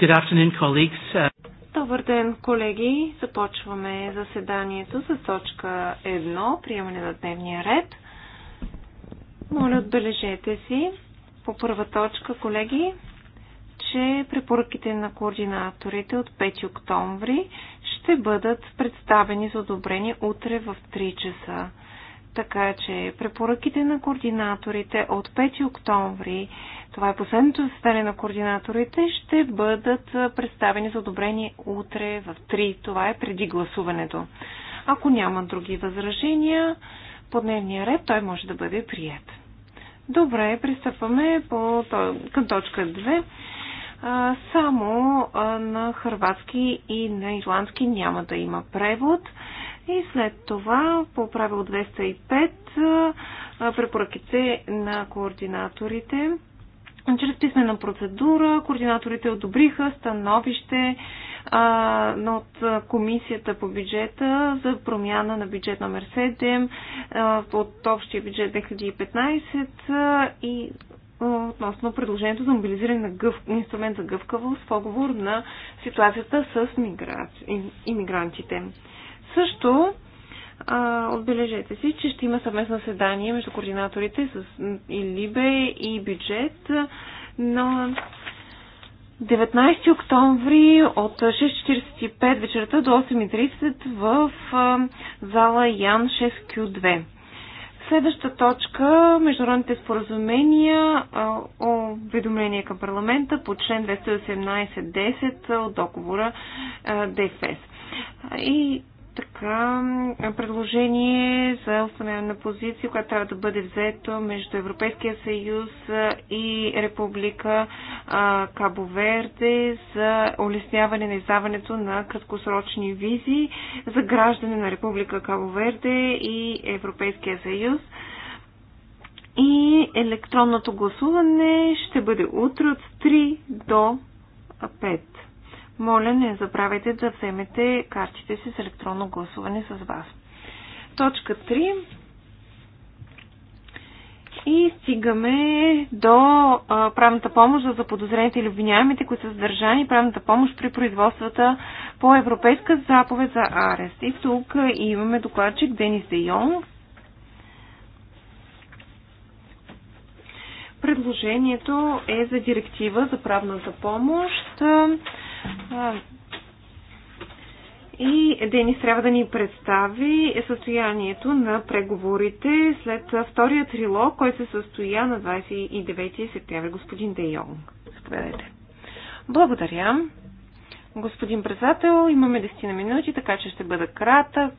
Good afternoon, colleagues. Uh, Добър ден, колеги. Започваме заседанието с точка 1, приемане на дневния ред. Моля, отбележете си по първа точка, колеги, че препоръките на координаторите от 5 октомври ще бъдат представени за одобрение утре в 3 часа. Така че препоръките на координаторите от 5 октомври, това е последното заседание на координаторите, ще бъдат представени за одобрение утре в 3. Това е преди гласуването. Ако няма други възражения, по дневния ред той може да бъде прият. Добре, пристъпваме по, към точка 2. само на хрватски и на ирландски няма да има превод. И след това, по правило 205, препоръките на координаторите. Чрез писмена процедура координаторите одобриха становище а, от Комисията по бюджета за промяна на бюджет номер 7 а, от общия бюджет 2015 и относно предложението за мобилизиране на гъв... инструмент за гъвкавост в оговор на ситуацията с иммигрантите. Мигра... Също а, отбележете си, че ще има съвместно седание между координаторите с и Либе и бюджет на 19 октомври от 6.45 вечерта до 8.30 в а, зала Ян 6Q2. Следваща точка международните споразумения, уведомление към парламента по член 218.10 от договора ДФС. И така предложение за установяване на позиция, която трябва да бъде взето между Европейския съюз и Република Кабо Верде за улесняване на издаването на краткосрочни визи за граждане на Република Кабо Верде и Европейския съюз. И електронното гласуване ще бъде утре от 3 до 5. Моля, не забравяйте да вземете картите си с електронно гласуване с вас. Точка 3. И стигаме до а, правната помощ за заподозрените или обвиняемите, които са задържани, правната помощ при производствата по Европейска заповед за арест. И тук имаме докладчик Денис Де Йонг. Предложението е за директива за правната помощ и Денис трябва да ни представи състоянието на преговорите след втория трилог, който се състоя на 29 септември. Господин Де Йонг, заповядайте. Благодаря. Господин председател, имаме 10 на минути, така че ще бъда кратък.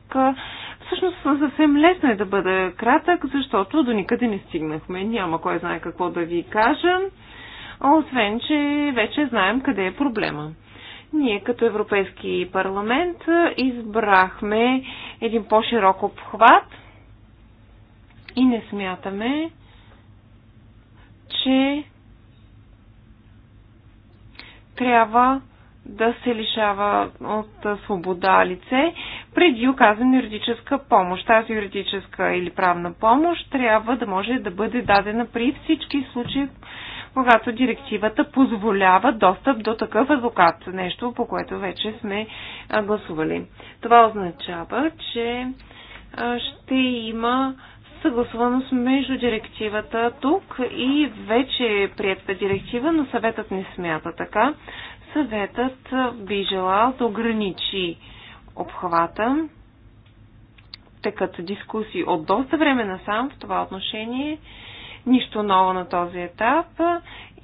Всъщност съвсем лесно е да бъда кратък, защото до никъде не стигнахме. Няма кой знае какво да ви кажа. Освен, че вече знаем къде е проблема ние като Европейски парламент избрахме един по-широк обхват и не смятаме, че трябва да се лишава от свобода лице преди оказана юридическа помощ. Тази юридическа или правна помощ трябва да може да бъде дадена при всички случаи, когато директивата позволява достъп до такъв адвокат. Нещо, по което вече сме гласували. Това означава, че ще има съгласуваност между директивата тук и вече е приятата директива, но съветът не смята така. Съветът би желал да ограничи обхвата. като дискусии от доста време насам в това отношение нищо ново на този етап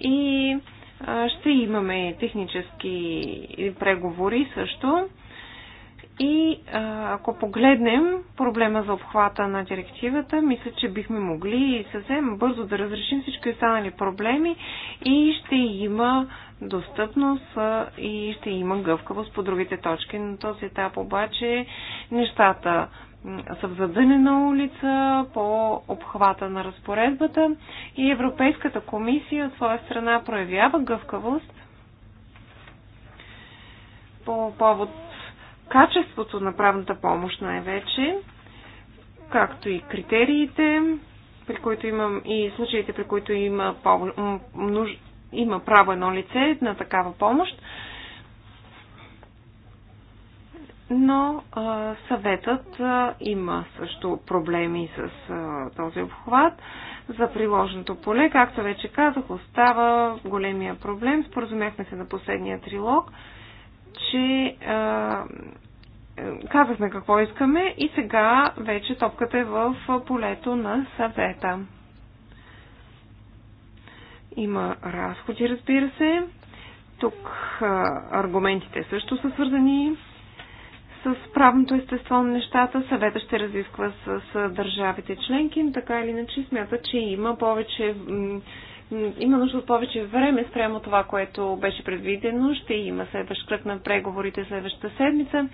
и ще имаме технически преговори също. И ако погледнем проблема за обхвата на директивата, мисля, че бихме могли съвсем бързо да разрешим всички останали проблеми и ще има достъпност и ще има гъвкавост по другите точки. На този етап обаче нещата задънена улица по обхвата на разпоредбата и Европейската комисия от своя страна проявява гъвкавост по повод качеството на правната помощ най-вече, както и критериите, при които имам и случаите, при които има, има право едно лице на такава помощ но а, съветът а, има също проблеми с а, този обхват. За приложното поле, както вече казах, остава големия проблем. Споразумяхме се на последния трилог, че а, казахме какво искаме и сега вече топката е в полето на съвета. Има разходи, разбира се. Тук а, аргументите също са свързани с правното естество на нещата. Съвета ще разисква с, с държавите членки, така или иначе смята, че има повече има нужда от повече време спрямо това, което беше предвидено. Ще има следващ кръг на преговорите следващата седмица,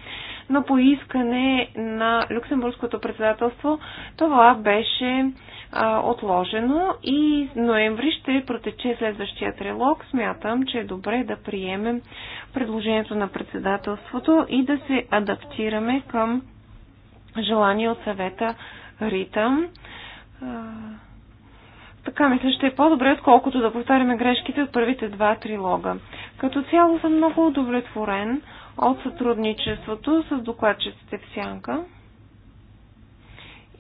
но по искане на Люксембургското председателство това беше а, отложено и ноември ще протече следващия трилог. Смятам, че е добре да приемем предложението на председателството и да се адаптираме към желание от съвета ритъм. така мисля, ще е по-добре, отколкото да повтаряме грешките от първите два трилога. Като цяло съм много удовлетворен от сътрудничеството с докладчиците в Сянка.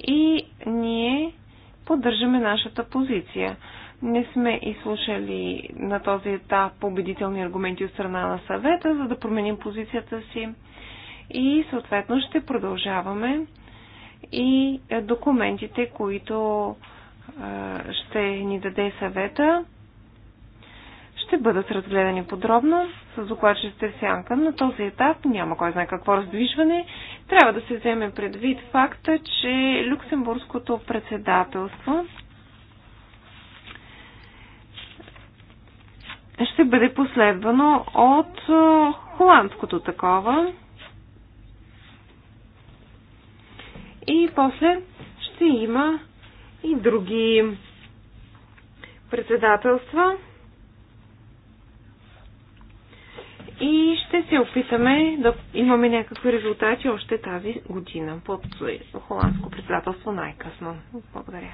И ние поддържаме нашата позиция. Не сме изслушали на този етап победителни аргументи от страна на съвета, за да променим позицията си и съответно ще продължаваме и документите, които ще ни даде съвета, ще бъдат разгледани подробно с докладчиците сянка. На този етап няма кой знае какво раздвижване. Трябва да се вземе предвид факта, че Люксембургското председателство ще бъде последвано от е, холандското такова. И после ще има и други председателства. и ще се опитаме да имаме някакви резултати още тази година под холандско председателство най-късно. Благодаря.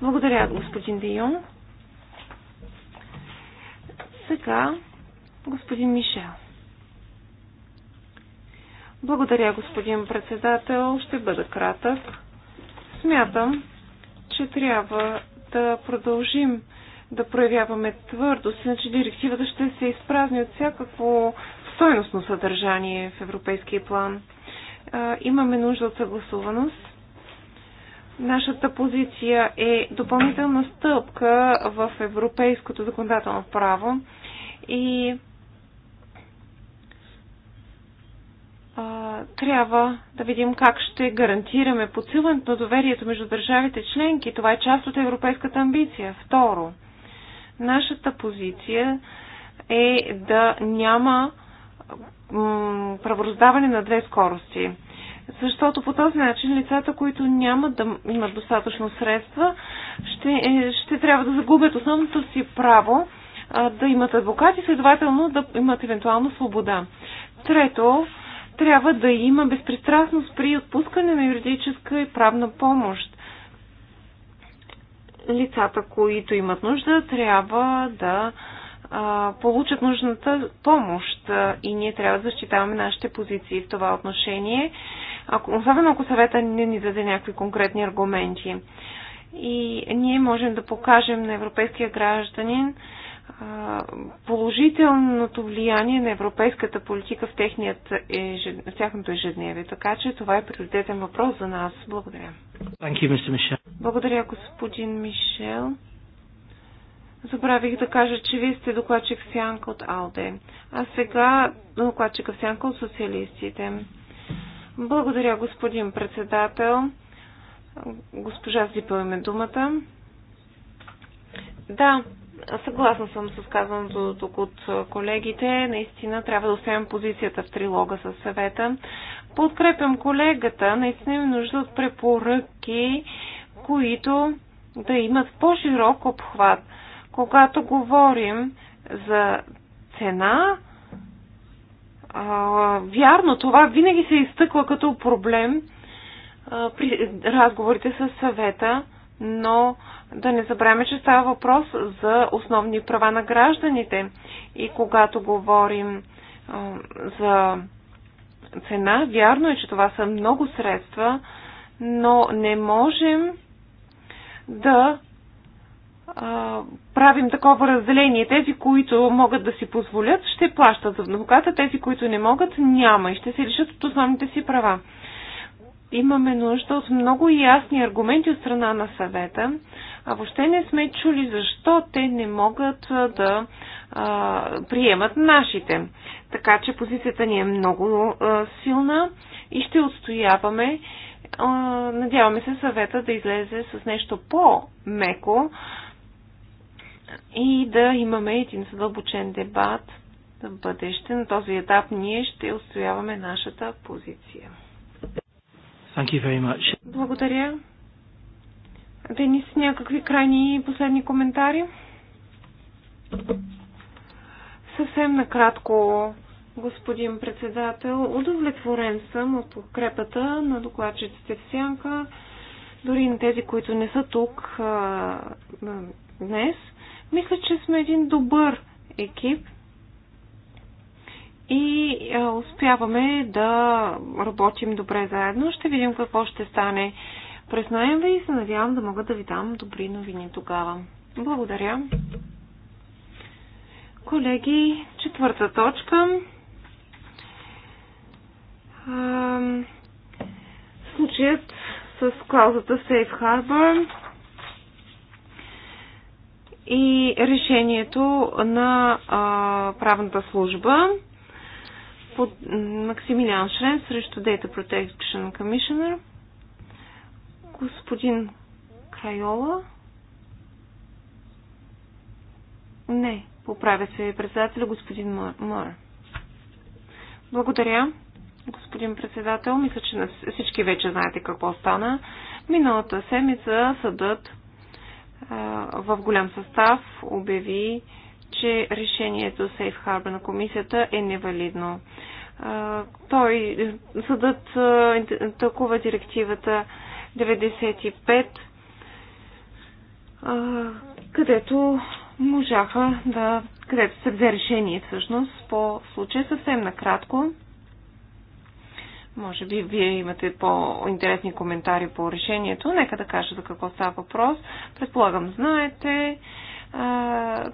Благодаря, господин Дион. Сега, господин Мишел. Благодаря, господин председател. Ще бъда кратък. Смятам, че трябва да продължим да проявяваме твърдост, иначе директивата ще се изпразни от всякакво стойностно съдържание в европейския план. Имаме нужда от съгласуваност. Нашата позиция е допълнителна стъпка в европейското законодателно право и трябва да видим как ще гарантираме подсилването на доверието между държавите членки. Това е част от европейската амбиция. Второ, Нашата позиция е да няма правораздаване на две скорости. Защото по този начин лицата, които няма да имат достатъчно средства, ще, е, ще трябва да загубят основното си право а, да имат адвокат и следователно да имат евентуално свобода. Трето, трябва да има безпристрастност при отпускане на юридическа и правна помощ лицата, които имат нужда, трябва да а, получат нужната помощ а, и ние трябва да защитаваме нашите позиции в това отношение, ако, особено ако съвета не ни даде някакви конкретни аргументи. И ние можем да покажем на европейския гражданин а, положителното влияние на европейската политика в, техният, в тяхното ежедневие. Така че това е приоритетен въпрос за нас. Благодаря. You, Благодаря, господин Мишел. Забравих да кажа, че вие сте докладчик Сянка от Алде, а сега докладчика Сянка от социалистите. Благодаря, господин председател. Госпожа Зипел име думата. Да, съгласна съм с казаното тук от колегите. Наистина трябва да оставим позицията в трилога с съвета. Подкрепям колегата, наистина има нужда от препоръки, които да имат по-широк обхват. Когато говорим за цена, а, вярно, това винаги се изтъква като проблем а, при разговорите с съвета, но да не забравяме, че става въпрос за основни права на гражданите. И когато говорим а, за цена. Вярно е, че това са много средства, но не можем да а, правим такова разделение. Тези, които могат да си позволят, ще плащат за адвоката, тези, които не могат, няма и ще се лишат от основните си права. Имаме нужда от много ясни аргументи от страна на съвета, а въобще не сме чули защо те не могат да а, приемат нашите. Така че позицията ни е много а, силна и ще отстояваме. А, надяваме се съвета да излезе с нещо по-меко и да имаме един задълбочен дебат в бъдеще. На този етап ние ще отстояваме нашата позиция. Thank you very much. Благодаря. Денис, някакви крайни и последни коментари? Съвсем накратко, господин председател, удовлетворен съм от подкрепата на докладчиците в Сянка, дори на тези, които не са тук а, днес. Мисля, че сме един добър екип и а, успяваме да работим добре заедно. Ще видим какво ще стане през ноември и се надявам да мога да ви дам добри новини тогава. Благодаря. Колеги, четвърта точка. Случаят с клаузата Safe Harbor и решението на а, правната служба под Максимилиан Шрен срещу Data Protection Commissioner – Господин Крайола? Не, поправя се председателя господин Мър. Благодаря, господин председател. Мисля, че всички вече знаете какво стана. Миналата седмица съдът в голям състав обяви, че решението Сейф Harbor на комисията е невалидно. Той, съдът тълкува директивата 95, където можаха да, където се взе решение всъщност по случая съвсем накратко. Може би вие имате по-интересни коментари по решението. Нека да кажа за какво става въпрос. Предполагам, знаете,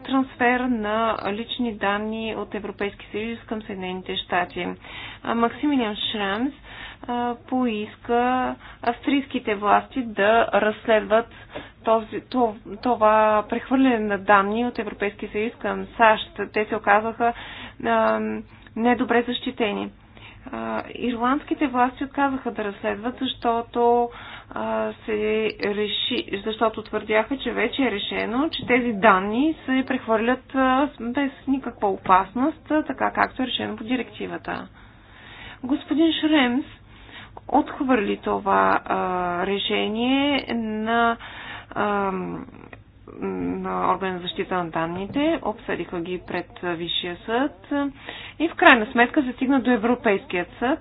трансфер на лични данни от Европейски съюз към Съединените щати. Максимилиан Шрамс поиска австрийските власти да разследват този, това прехвърляне на данни от Европейския съюз към САЩ. Те се оказаха недобре защитени. Ирландските власти отказаха да разследват, защото, се реши, защото твърдяха, че вече е решено, че тези данни се прехвърлят без никаква опасност, така както е решено по директивата. Господин Шремс отхвърли това а, решение на, а, на органа за защита на данните, обсъдиха ги пред Висшия съд и в крайна сметка се стигна до Европейският съд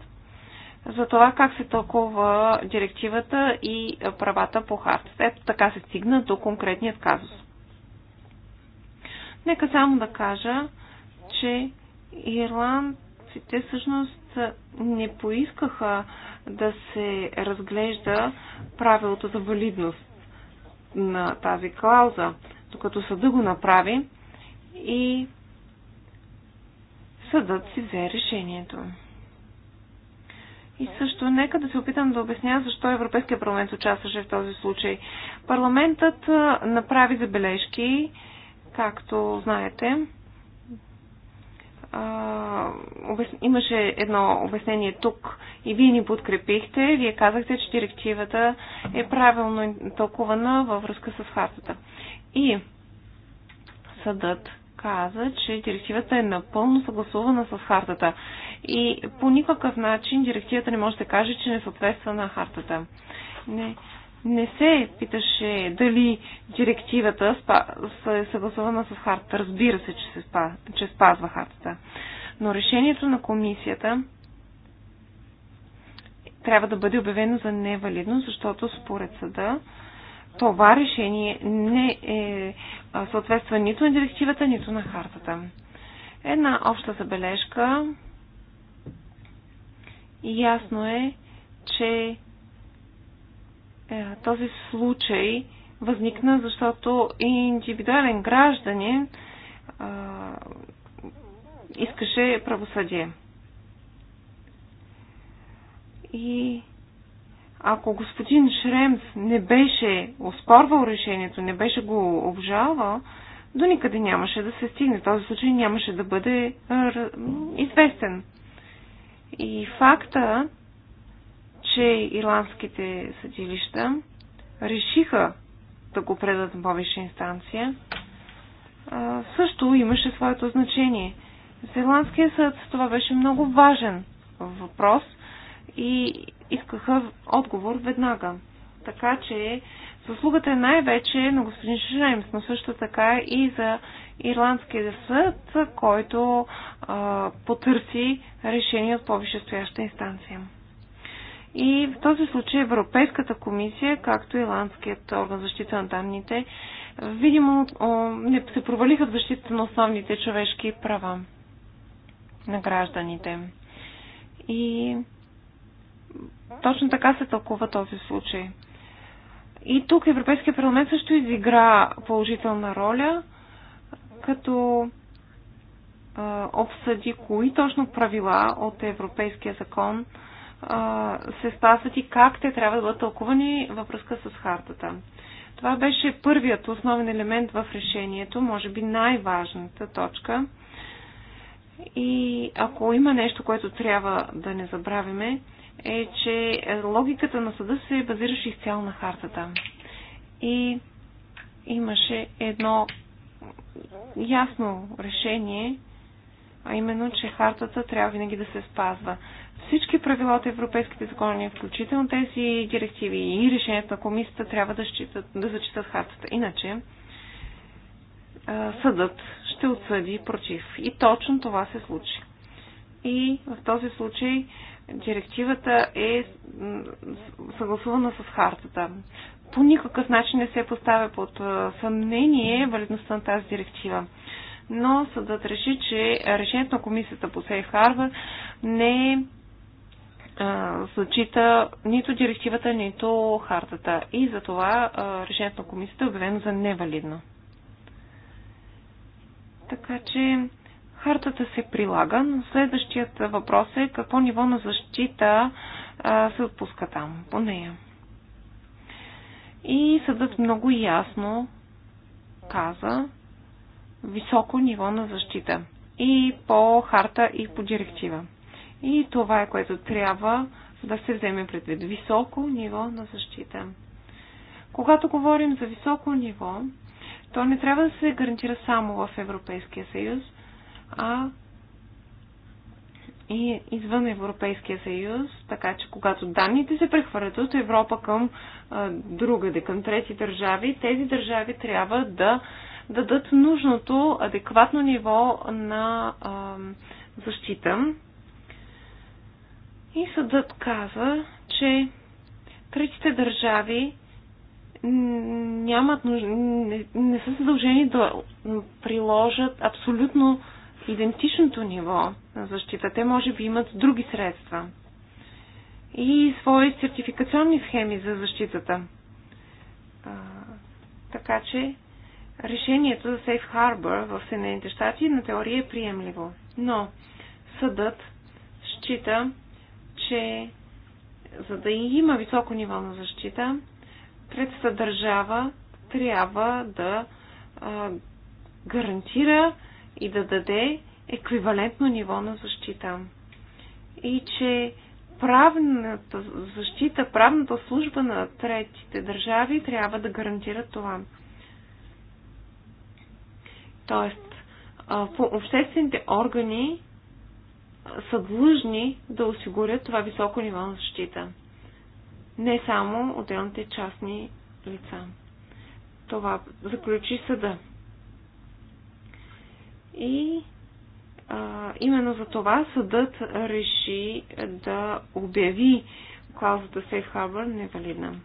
за това как се толкова директивата и правата по хард. Ето така се стигна до конкретният казус. Нека само да кажа, че ирландците всъщност не поискаха да се разглежда правилото за валидност на тази клауза, докато съда го направи и съдът си взе решението. И също нека да се опитам да обясня защо Европейския парламент участваше в този случай. Парламентът направи забележки, както знаете, имаше едно обяснение тук и вие ни подкрепихте. Вие казахте, че директивата е правилно тълкувана във връзка с хартата. И съдът каза, че директивата е напълно съгласувана с хартата. И по никакъв начин директивата не може да каже, че не съответства на хартата. Не не се питаше дали директивата е съгласувана с хартата. Разбира се, че, се спа, че спазва хартата. Но решението на комисията трябва да бъде обявено за невалидно, защото според съда това решение не е съответства нито на директивата, нито на хартата. Една обща забележка. Ясно е, че е, този случай възникна, защото индивидуален гражданин а, искаше правосъдие. И ако господин Шремс не беше оспорвал решението, не беше го обжавал, до никъде нямаше да се стигне. Този случай нямаше да бъде известен. И факта, че ирландските съдилища решиха да го предат на повече инстанция, също имаше своето значение. За Ирландския съд това беше много важен въпрос и искаха отговор веднага. Така че заслугата е най-вече на господин Шремс, но също така и за Ирландския съд, който а, потърси решение от по инстанция. И в този случай Европейската комисия, както и Ландският орган за защита на данните, видимо не се провалиха в защита на основните човешки права на гражданите. И точно така се тълкува този случай. И тук Европейския парламент също изигра положителна роля, като обсъди кои точно правила от Европейския закон се спазват и как те трябва да бъдат тълкувани във връзка с хартата. Това беше първият основен елемент в решението, може би най-важната точка. И ако има нещо, което трябва да не забравиме, е, че логиката на съда се базираше изцяло на хартата. И имаше едно ясно решение, а именно, че хартата трябва винаги да се спазва. Всички правила от европейските закони, включително тези директиви и решението на комисията, трябва да, считат, да зачитат хартата. Иначе съдът ще отсъди против. И точно това се случи. И в този случай директивата е съгласувана с хартата. По никакъв начин не се поставя под съмнение валидността на тази директива. Но съдът реши, че решението на комисията по Сейф Харбър не е зачита нито директивата, нито хартата. И за това решението на комисията е обявено за невалидно. Така че хартата се прилага, но следващият въпрос е какво ниво на защита се отпуска там по нея. И съдът много ясно каза високо ниво на защита и по харта и по директива. И това е което трябва да се вземе предвид. Високо ниво на защита. Когато говорим за високо ниво, то не трябва да се гарантира само в Европейския съюз, а и извън Европейския съюз, така че когато данните се прехвърлят от Европа към а, другаде, към трети държави, тези държави трябва да дадат нужното адекватно ниво на а, защита и съдът каза, че третите държави нямат, не, не са задължени да приложат абсолютно идентичното ниво на защита. Те може би имат други средства и свои сертификационни схеми за защитата. А, така че решението за Safe Harbor в Съединените щати на теория е приемливо. Но съдът счита, че за да има високо ниво на защита, третата държава трябва да а, гарантира и да даде еквивалентно ниво на защита. И че правната защита, правната служба на третите държави трябва да гарантира това. Тоест, по обществените органи са длъжни да осигурят това високо ниво на защита. Не само отделните частни лица. Това заключи съда. И а, именно за това съдът реши да обяви клаузата Safe Harbor невалидна.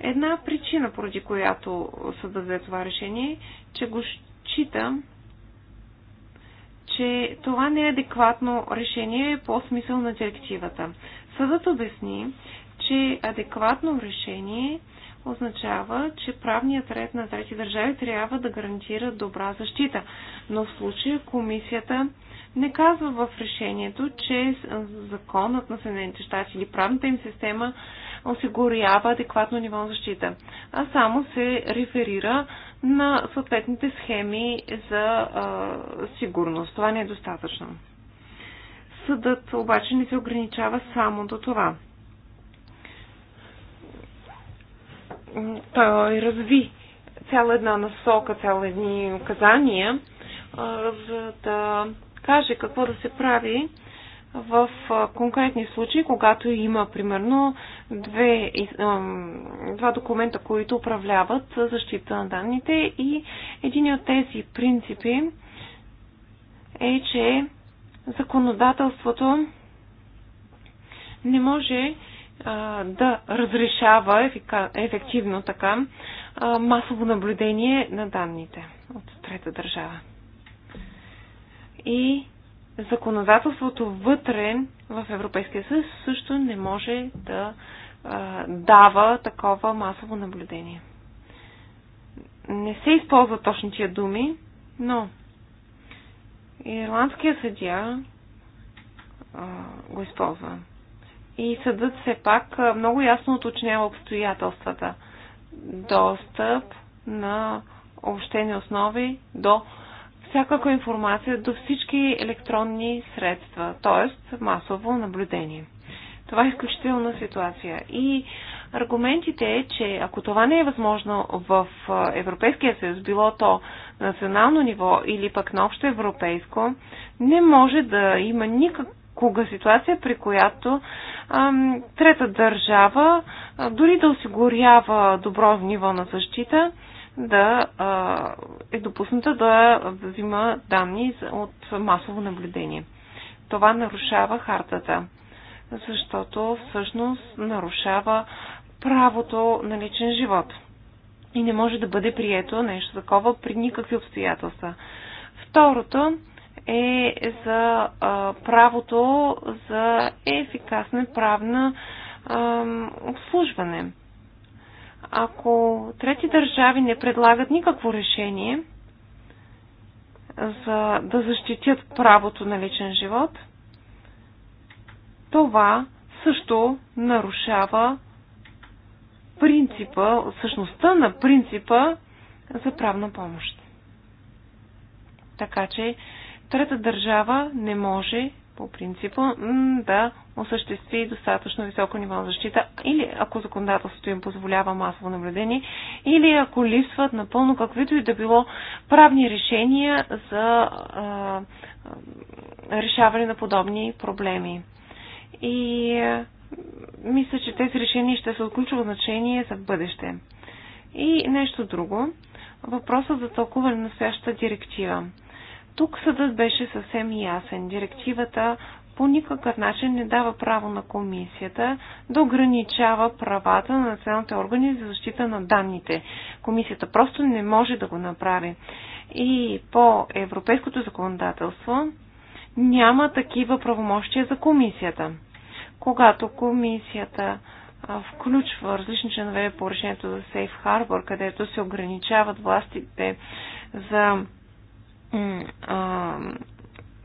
Една причина, поради която съдът взе това решение, че го счита че това не е адекватно решение по смисъл на директивата. Съдът обясни, че адекватно решение означава, че правният ред на трети държави трябва да гарантира добра защита. Но в случая комисията не казва в решението, че законът на Съединените щати или правната им система осигурява адекватно ниво на защита, а само се реферира на съответните схеми за а, сигурност. Това не е достатъчно. Съдът обаче не се ограничава само до това. Той разви цяла една насока, цяла едни указания, за да каже какво да се прави в конкретни случаи, когато има примерно две, два документа, които управляват защита на данните и един от тези принципи е, че законодателството не може да разрешава ефективно така масово наблюдение на данните от трета държава и законодателството вътре в Европейския съюз също не може да а, дава такова масово наблюдение. Не се използват точно тия думи, но ирландския съдия а, го използва. И съдът все пак много ясно уточнява обстоятелствата. Достъп на общени основи до всякаква информация до всички електронни средства, т.е. масово наблюдение. Това е изключителна ситуация. И аргументите е, че ако това не е възможно в Европейския съюз, било то на национално ниво или пък на общо европейско, не може да има никаква ситуация, при която ам, трета държава, а, дори да осигурява добро ниво на защита, да е допусната да взима данни от масово наблюдение. Това нарушава хартата, защото всъщност нарушава правото на личен живот. И не може да бъде прието нещо такова при никакви обстоятелства. Второто е за а, правото за ефикасна правна а, обслужване. Ако трети държави не предлагат никакво решение за да защитят правото на личен живот, това също нарушава принципа, същността на принципа за правна помощ. Така че трета държава не може по принципа да осъществи достатъчно високо ниво на защита, или ако законодателството им позволява масово наблюдение, или ако липсват напълно каквито и да било правни решения за а, решаване на подобни проблеми. И а, мисля, че тези решения ще са от ключово значение за бъдеще. И нещо друго. Въпросът за тълкуване на настоящата директива. Тук съдът беше съвсем ясен. Директивата по никакъв начин не дава право на комисията да ограничава правата на националните органи за защита на данните. Комисията просто не може да го направи. И по европейското законодателство няма такива правомощия за комисията. Когато комисията включва различни членове по решението за Safe Harbor, където се ограничават властите за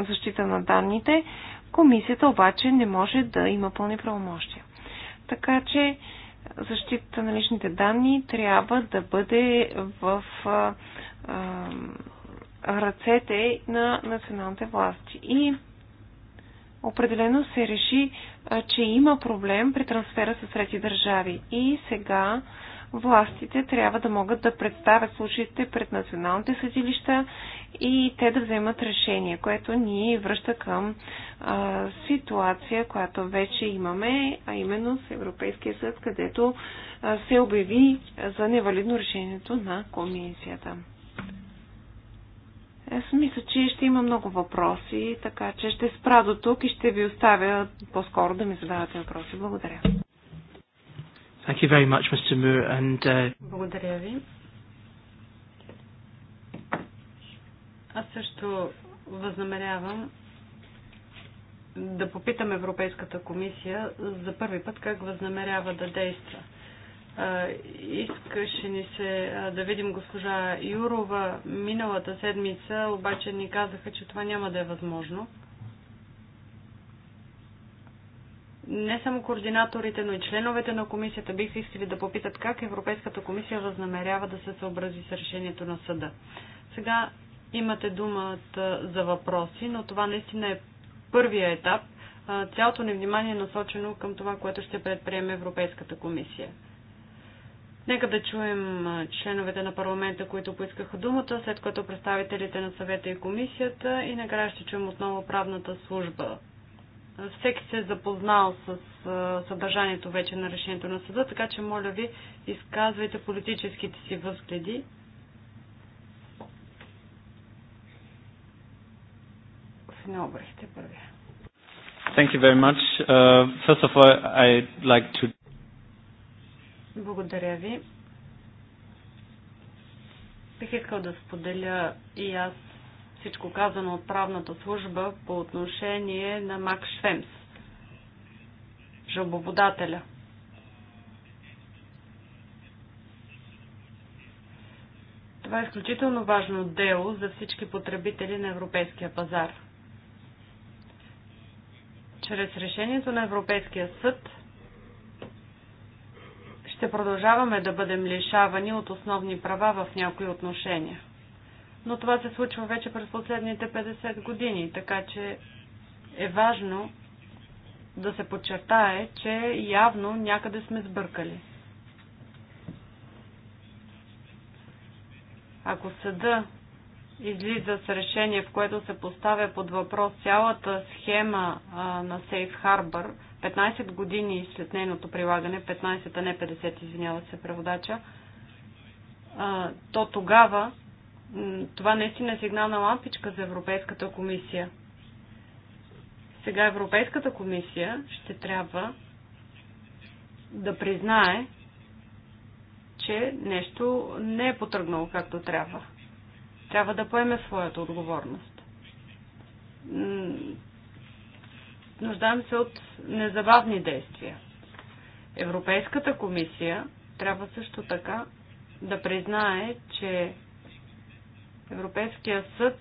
защита на данните, Комисията обаче не може да има пълни правомощия. Така че защитата на личните данни трябва да бъде в а, а, ръцете на националните власти. И определено се реши, а, че има проблем при трансфера с трети държави. И сега властите трябва да могат да представят случаите пред националните съдилища и те да вземат решение, което ни връща към а, ситуация, която вече имаме, а именно с Европейския съд, където а, се обяви за невалидно решението на комисията. Аз мисля, че ще има много въпроси, така че ще спра до тук и ще ви оставя по-скоро да ми задавате въпроси. Благодаря. Thank you very much, Mr. Moore. And, uh... Благодаря ви. Аз също възнамерявам да попитам Европейската комисия за първи път как възнамерява да действа. Искаше ни се да видим госпожа Юрова миналата седмица, обаче ни казаха, че това няма да е възможно. не само координаторите, но и членовете на комисията бих искали да попитат как Европейската комисия възнамерява да се съобрази с решението на съда. Сега имате думата за въпроси, но това наистина е първия етап. Цялото ни внимание е насочено към това, което ще предприеме Европейската комисия. Нека да чуем членовете на парламента, които поискаха думата, след което представителите на съвета и комисията и накрая ще чуем отново правната служба всеки се е запознал с съдържанието вече на решението на съда, така че моля ви, изказвайте политическите си възгледи. Thank you very much. Uh, first of all, I'd like to... Благодаря ви. Бих искал да споделя и аз всичко казано от правната служба по отношение на Мак Швемс, жълбоводателя. Това е изключително важно дело за всички потребители на европейския пазар. Чрез решението на Европейския съд ще продължаваме да бъдем лишавани от основни права в някои отношения но това се случва вече през последните 50 години, така че е важно да се подчертае, че явно някъде сме сбъркали. Ако съда излиза с решение, в което се поставя под въпрос цялата схема а, на Safe Harbor, 15 години след нейното прилагане, 15, а не 50, извинява се преводача, а, то тогава това наистина е сигнална лампичка за Европейската комисия. Сега Европейската комисия ще трябва да признае, че нещо не е потръгнало както трябва. Трябва да поеме своята отговорност. Нуждаем се от незабавни действия. Европейската комисия трябва също така да признае, че Европейския съд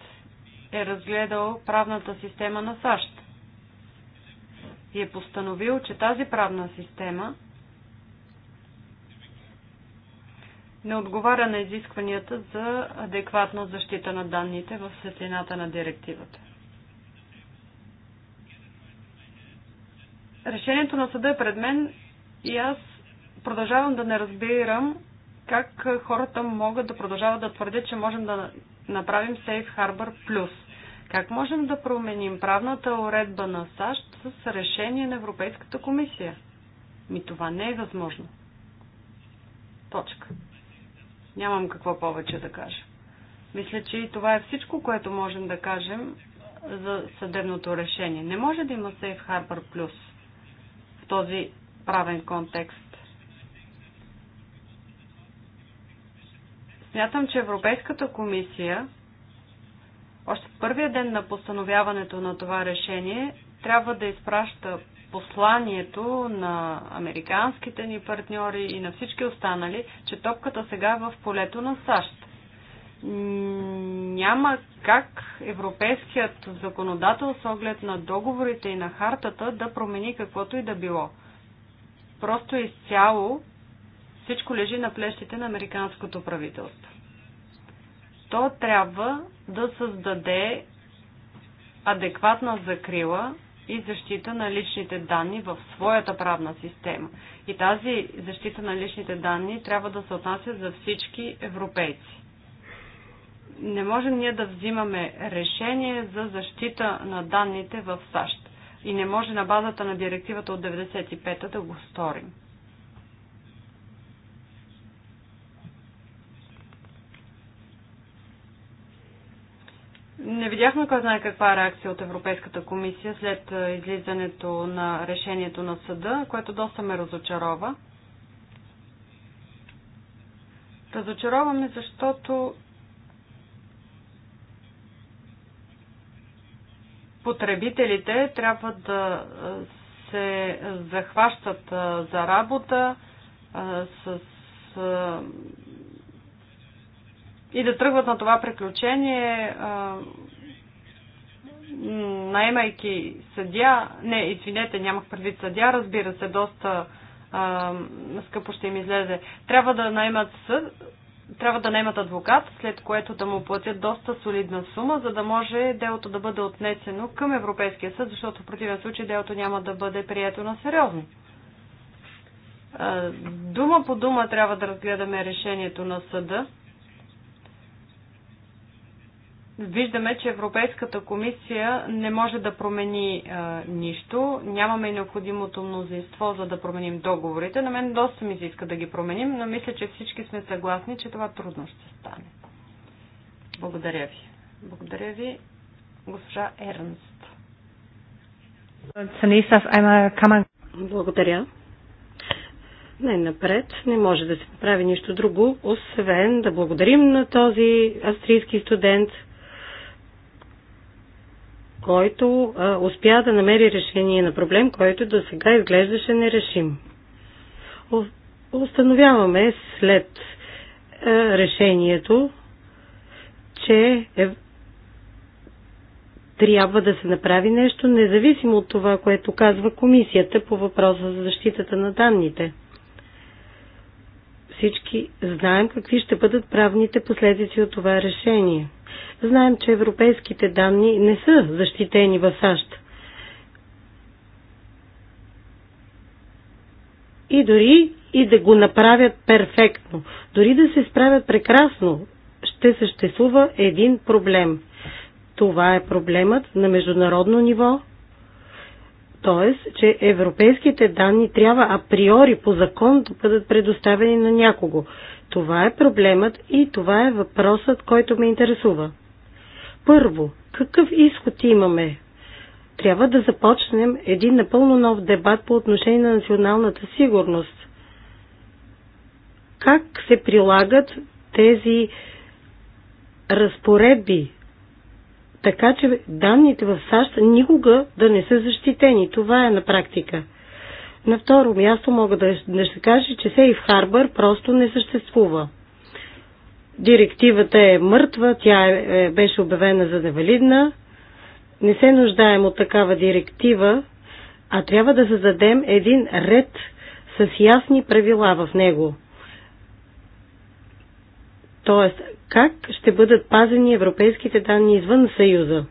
е разгледал правната система на САЩ и е постановил, че тази правна система не отговаря на изискванията за адекватна защита на данните в светлината на директивата. Решението на съда е пред мен и аз продължавам да не разбирам как хората могат да продължават да твърдят, че можем да направим Safe Harbor Plus. Как можем да променим правната уредба на САЩ с решение на Европейската комисия? Ми това не е възможно. Точка. Нямам какво повече да кажа. Мисля, че и това е всичко, което можем да кажем за съдебното решение. Не може да има Safe Harbor Plus в този правен контекст. Смятам, че Европейската комисия още в първия ден на постановяването на това решение трябва да изпраща посланието на американските ни партньори и на всички останали, че топката сега е в полето на САЩ. Няма как европейският законодател с оглед на договорите и на хартата да промени каквото и да било. Просто изцяло всичко лежи на плещите на американското правителство. То трябва да създаде адекватна закрила и защита на личните данни в своята правна система. И тази защита на личните данни трябва да се отнася за всички европейци. Не можем ние да взимаме решение за защита на данните в САЩ. И не може на базата на директивата от 95-та да го сторим. Не видяхме кой знае каква реакция от Европейската комисия след излизането на решението на съда, което доста ме разочарова. Разочароваме, защото потребителите трябва да се захващат за работа с и да тръгват на това приключение, наемайки съдя, не, извинете, нямах предвид съдя, разбира се, доста а, скъпо ще им излезе. Трябва да наемат съд, трябва да наемат адвокат, след което да му платят доста солидна сума, за да може делото да бъде отнесено към Европейския съд, защото в противен случай делото няма да бъде прието на сериозно. Дума по дума трябва да разгледаме решението на съда, виждаме, че Европейската комисия не може да промени а, нищо. Нямаме необходимото мнозинство, за да променим договорите. На мен доста ми се иска да ги променим, но мисля, че всички сме съгласни, че това трудно ще стане. Благодаря ви. Благодаря ви, госпожа Ернст. Благодаря. Най-напред не може да се направи нищо друго, освен да благодарим на този австрийски студент, който а, успя да намери решение на проблем, който до сега изглеждаше нерешим. Установяваме след а, решението, че е, трябва да се направи нещо, независимо от това, което казва комисията по въпроса за защитата на данните. Всички знаем какви ще бъдат правните последици от това решение – Знаем, че европейските данни не са защитени в САЩ. И дори и да го направят перфектно, дори да се справят прекрасно, ще съществува един проблем. Това е проблемът на международно ниво, т.е. че европейските данни трябва априори по закон да бъдат предоставени на някого. Това е проблемът и това е въпросът, който ме интересува. Първо, какъв изход имаме? Трябва да започнем един напълно нов дебат по отношение на националната сигурност. Как се прилагат тези разпоредби, така че данните в САЩ никога да не са защитени. Това е на практика – на второ място мога да, да ще кажа, че Сейф Харбър просто не съществува. Директивата е мъртва, тя е, е, беше обявена за невалидна. Не се нуждаем от такава директива, а трябва да създадем един ред с ясни правила в него. Тоест, как ще бъдат пазени европейските данни извън Съюза?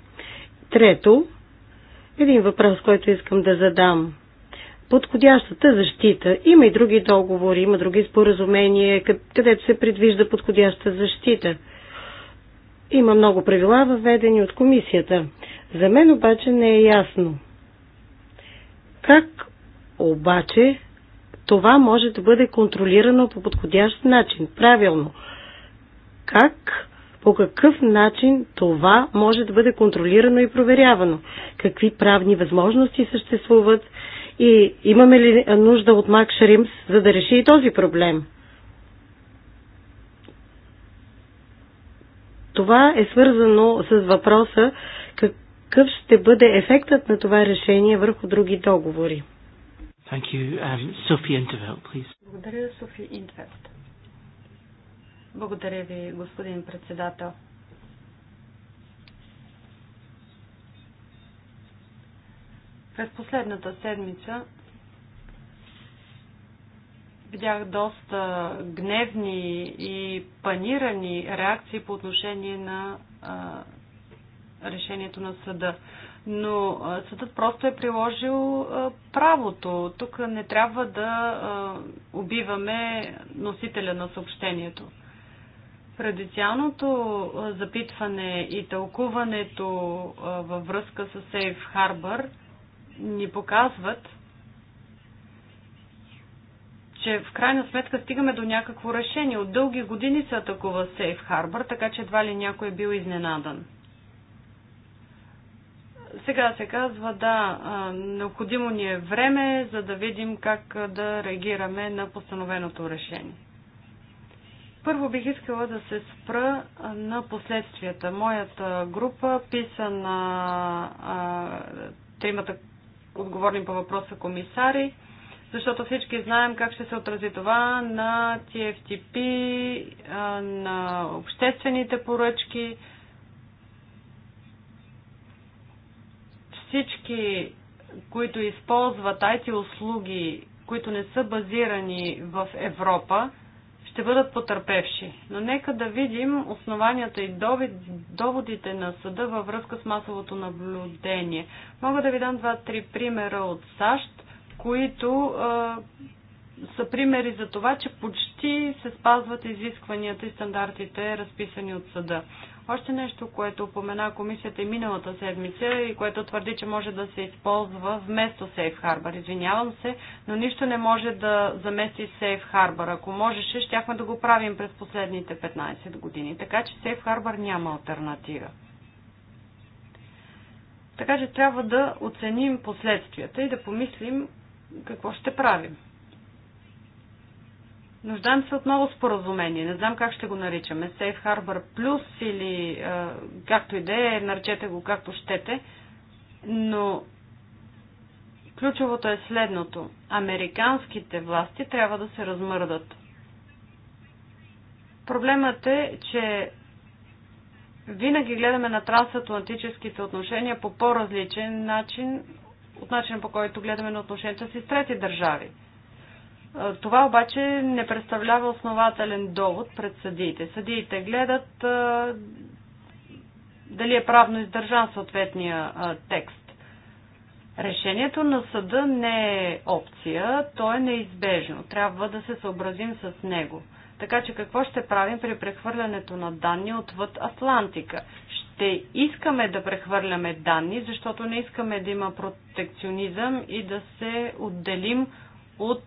Трето, един въпрос, който искам да задам – подходящата защита. Има и други договори, има други споразумения, където се предвижда подходяща защита. Има много правила въведени от комисията. За мен обаче не е ясно. Как обаче това може да бъде контролирано по подходящ начин, правилно? Как, по какъв начин това може да бъде контролирано и проверявано? Какви правни възможности съществуват? И имаме ли нужда от Макс Римс, за да реши и този проблем? Това е свързано с въпроса какъв ще бъде ефектът на това решение върху други договори. Thank you. Um, Sophie please. Благодаря, Софи Интвелт. Благодаря ви, господин председател. През последната седмица видях доста гневни и панирани реакции по отношение на а, решението на съда. Но а, съдът просто е приложил а, правото. Тук не трябва да а, убиваме носителя на съобщението. Традиционното запитване и тълкуването а, във връзка с Сейф Харбър – ни показват, че в крайна сметка стигаме до някакво решение. От дълги години се атакува Сейф Харбър, така че едва ли някой е бил изненадан. Сега се казва, да, необходимо ни е време, за да видим как да реагираме на постановеното решение. Първо бих искала да се спра на последствията. Моята група писа на а, тримата отговорни по въпроса комисари, защото всички знаем как ще се отрази това на TFTP, на обществените поръчки. Всички, които използват IT услуги, които не са базирани в Европа, ще бъдат потърпевши. Но нека да видим основанията и доводите на съда във връзка с масовото наблюдение. Мога да ви дам два-три примера от САЩ, които са примери за това, че почти се спазват изискванията и стандартите, разписани от съда. Още нещо, което упомена комисията и миналата седмица и което твърди, че може да се използва вместо Safe Harbor. Извинявам се, но нищо не може да замести Safe Harbor. Ако можеше, щяхме да го правим през последните 15 години. Така че Safe Harbor няма альтернатива. Така че трябва да оценим последствията и да помислим какво ще правим. Нуждаем се от ново споразумение. Не знам как ще го наричаме. Safe Harbor Plus или е, както и да е, наречете го както щете. Но ключовото е следното. Американските власти трябва да се размърдат. Проблемът е, че винаги гледаме на трансатлантическите отношения по по-различен начин от начина по който гледаме на отношенията си с трети държави. Това обаче не представлява основателен довод пред съдиите. Съдиите гледат дали е правно издържан съответния текст. Решението на съда не е опция, то е неизбежно. Трябва да се съобразим с него. Така че какво ще правим при прехвърлянето на данни отвъд Атлантика? Ще искаме да прехвърляме данни, защото не искаме да има протекционизъм и да се отделим от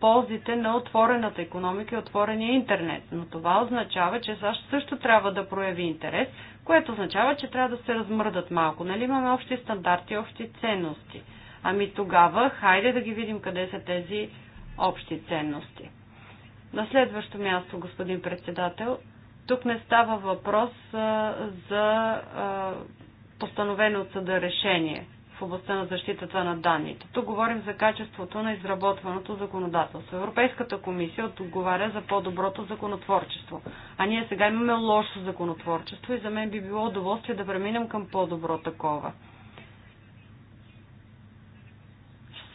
ползите на отворената економика и отворения интернет. Но това означава, че САЩ също трябва да прояви интерес, което означава, че трябва да се размърдат малко. Нали имаме общи стандарти, общи ценности? Ами тогава, хайде да ги видим къде са тези общи ценности. На следващо място, господин председател, тук не става въпрос а, за а, постановено от съда решение в областта на защитата на данните. Тук говорим за качеството на изработваното законодателство. Европейската комисия отговаря за по-доброто законотворчество. А ние сега имаме лошо законотворчество и за мен би било удоволствие да преминем към по-добро такова.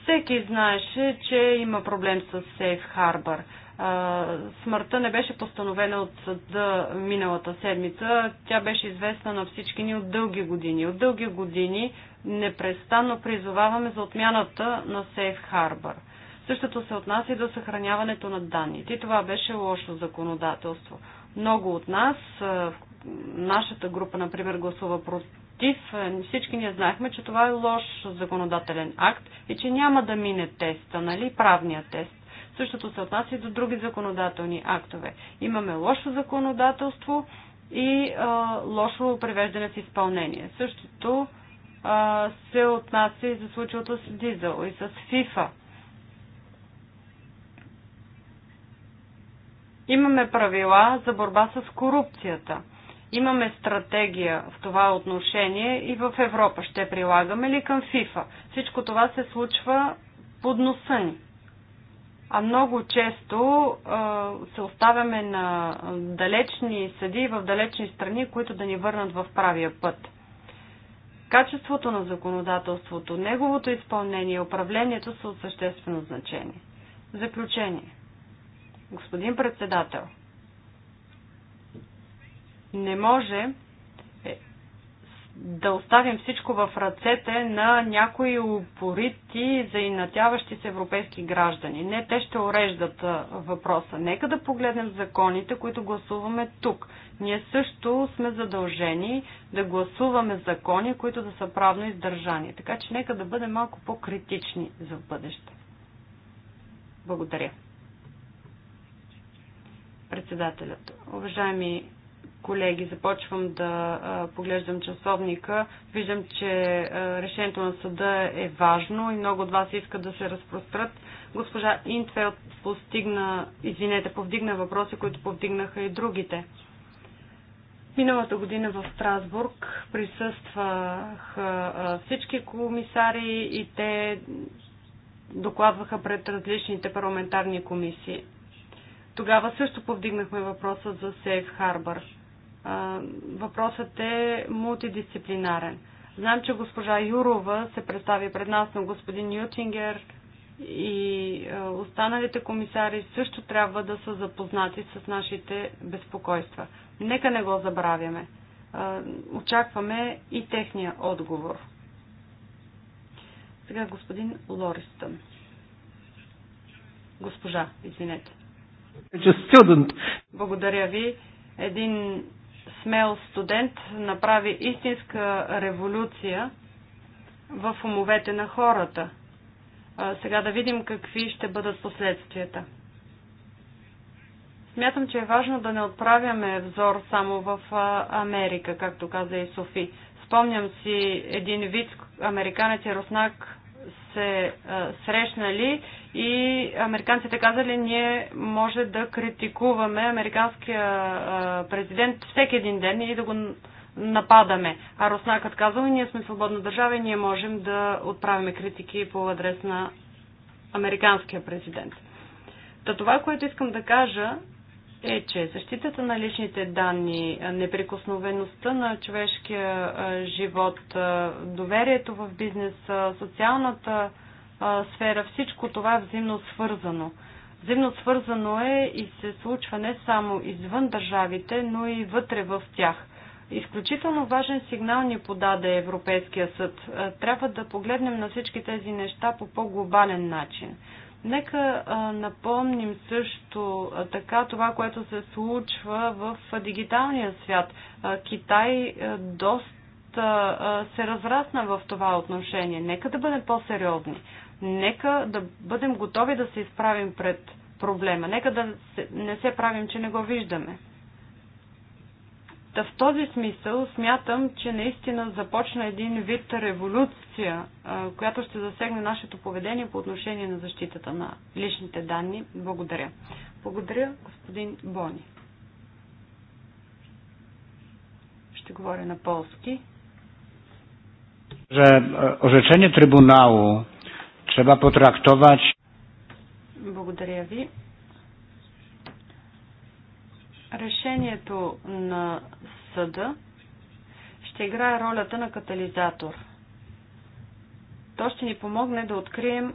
Всеки знаеше, че има проблем с Safe Harbor – смъртта не беше постановена от съда миналата седмица. Тя беше известна на всички ни от дълги години. От дълги години непрестанно призоваваме за отмяната на Сейф Харбър. Същото се отнася и до съхраняването на данните. това беше лошо законодателство. Много от нас, нашата група, например, гласува против. Е, всички ние знаехме, че това е лош законодателен акт и че няма да мине теста, нали, правния тест. Същото се отнася и до други законодателни актове. Имаме лошо законодателство и а, лошо превеждане в изпълнение. Същото а, се отнася и за случилото с Дизел и с ФИФА. Имаме правила за борба с корупцията. Имаме стратегия в това отношение и в Европа. Ще прилагаме ли към ФИФА? Всичко това се случва под носа ни а много често а, се оставяме на далечни съди в далечни страни, които да ни върнат в правия път. Качеството на законодателството, неговото изпълнение и управлението са от съществено значение. Заключение. Господин председател, не може да оставим всичко в ръцете на някои упорити, заинатяващи се европейски граждани. Не, те ще уреждат въпроса. Нека да погледнем законите, които гласуваме тук. Ние също сме задължени да гласуваме закони, които да са правно издържани. Така че нека да бъдем малко по-критични за бъдеще. Благодаря. Председателят. Уважаеми колеги, започвам да поглеждам часовника. Виждам, че решението на съда е важно и много от вас искат да се разпрострат. Госпожа Интфелд постигна, извинете, повдигна въпроси, които повдигнаха и другите. Миналата година в Страсбург присъстваха всички комисари и те докладваха пред различните парламентарни комисии. Тогава също повдигнахме въпроса за Сейф Харбър въпросът е мултидисциплинарен. Знам, че госпожа Юрова се представи пред нас, но господин Ютингер и останалите комисари също трябва да са запознати с нашите безпокойства. Нека не го забравяме. Очакваме и техния отговор. Сега господин Лористън. Госпожа, извинете. Благодаря ви. Един смел студент направи истинска революция в умовете на хората. Сега да видим какви ще бъдат последствията. Смятам, че е важно да не отправяме взор само в Америка, както каза и Софи. Спомням си един вид американец и руснак се срещнали и американците казали, ние може да критикуваме американския президент всеки един ден и да го нападаме. А Руснакът казал, ами, ние сме свободна държава и ние можем да отправяме критики по адрес на американския президент. Та това, което искам да кажа е, че защитата на личните данни, неприкосновеността на човешкия живот, доверието в бизнеса, социалната сфера, всичко това е взаимно свързано. Взаимно свързано е и се случва не само извън държавите, но и вътре в тях. Изключително важен сигнал ни подаде Европейския съд. Трябва да погледнем на всички тези неща по по-глобален начин. Нека а, напомним също а, така това, което се случва в а, дигиталния свят. А, Китай а, доста а, се разрасна в това отношение. Нека да бъдем по-сериозни. Нека да бъдем готови да се изправим пред проблема. Нека да се, не се правим, че не го виждаме. Та в този смисъл смятам, че наистина започна един вид революция, която ще засегне нашето поведение по отношение на защитата на личните данни. Благодаря. Благодаря, господин Бони. Ще говоря на полски. Że e, orzeczenie Trybunału trzeba potraktować. Благодаря ви. Решението на съда ще играе ролята на катализатор. То ще ни помогне да открием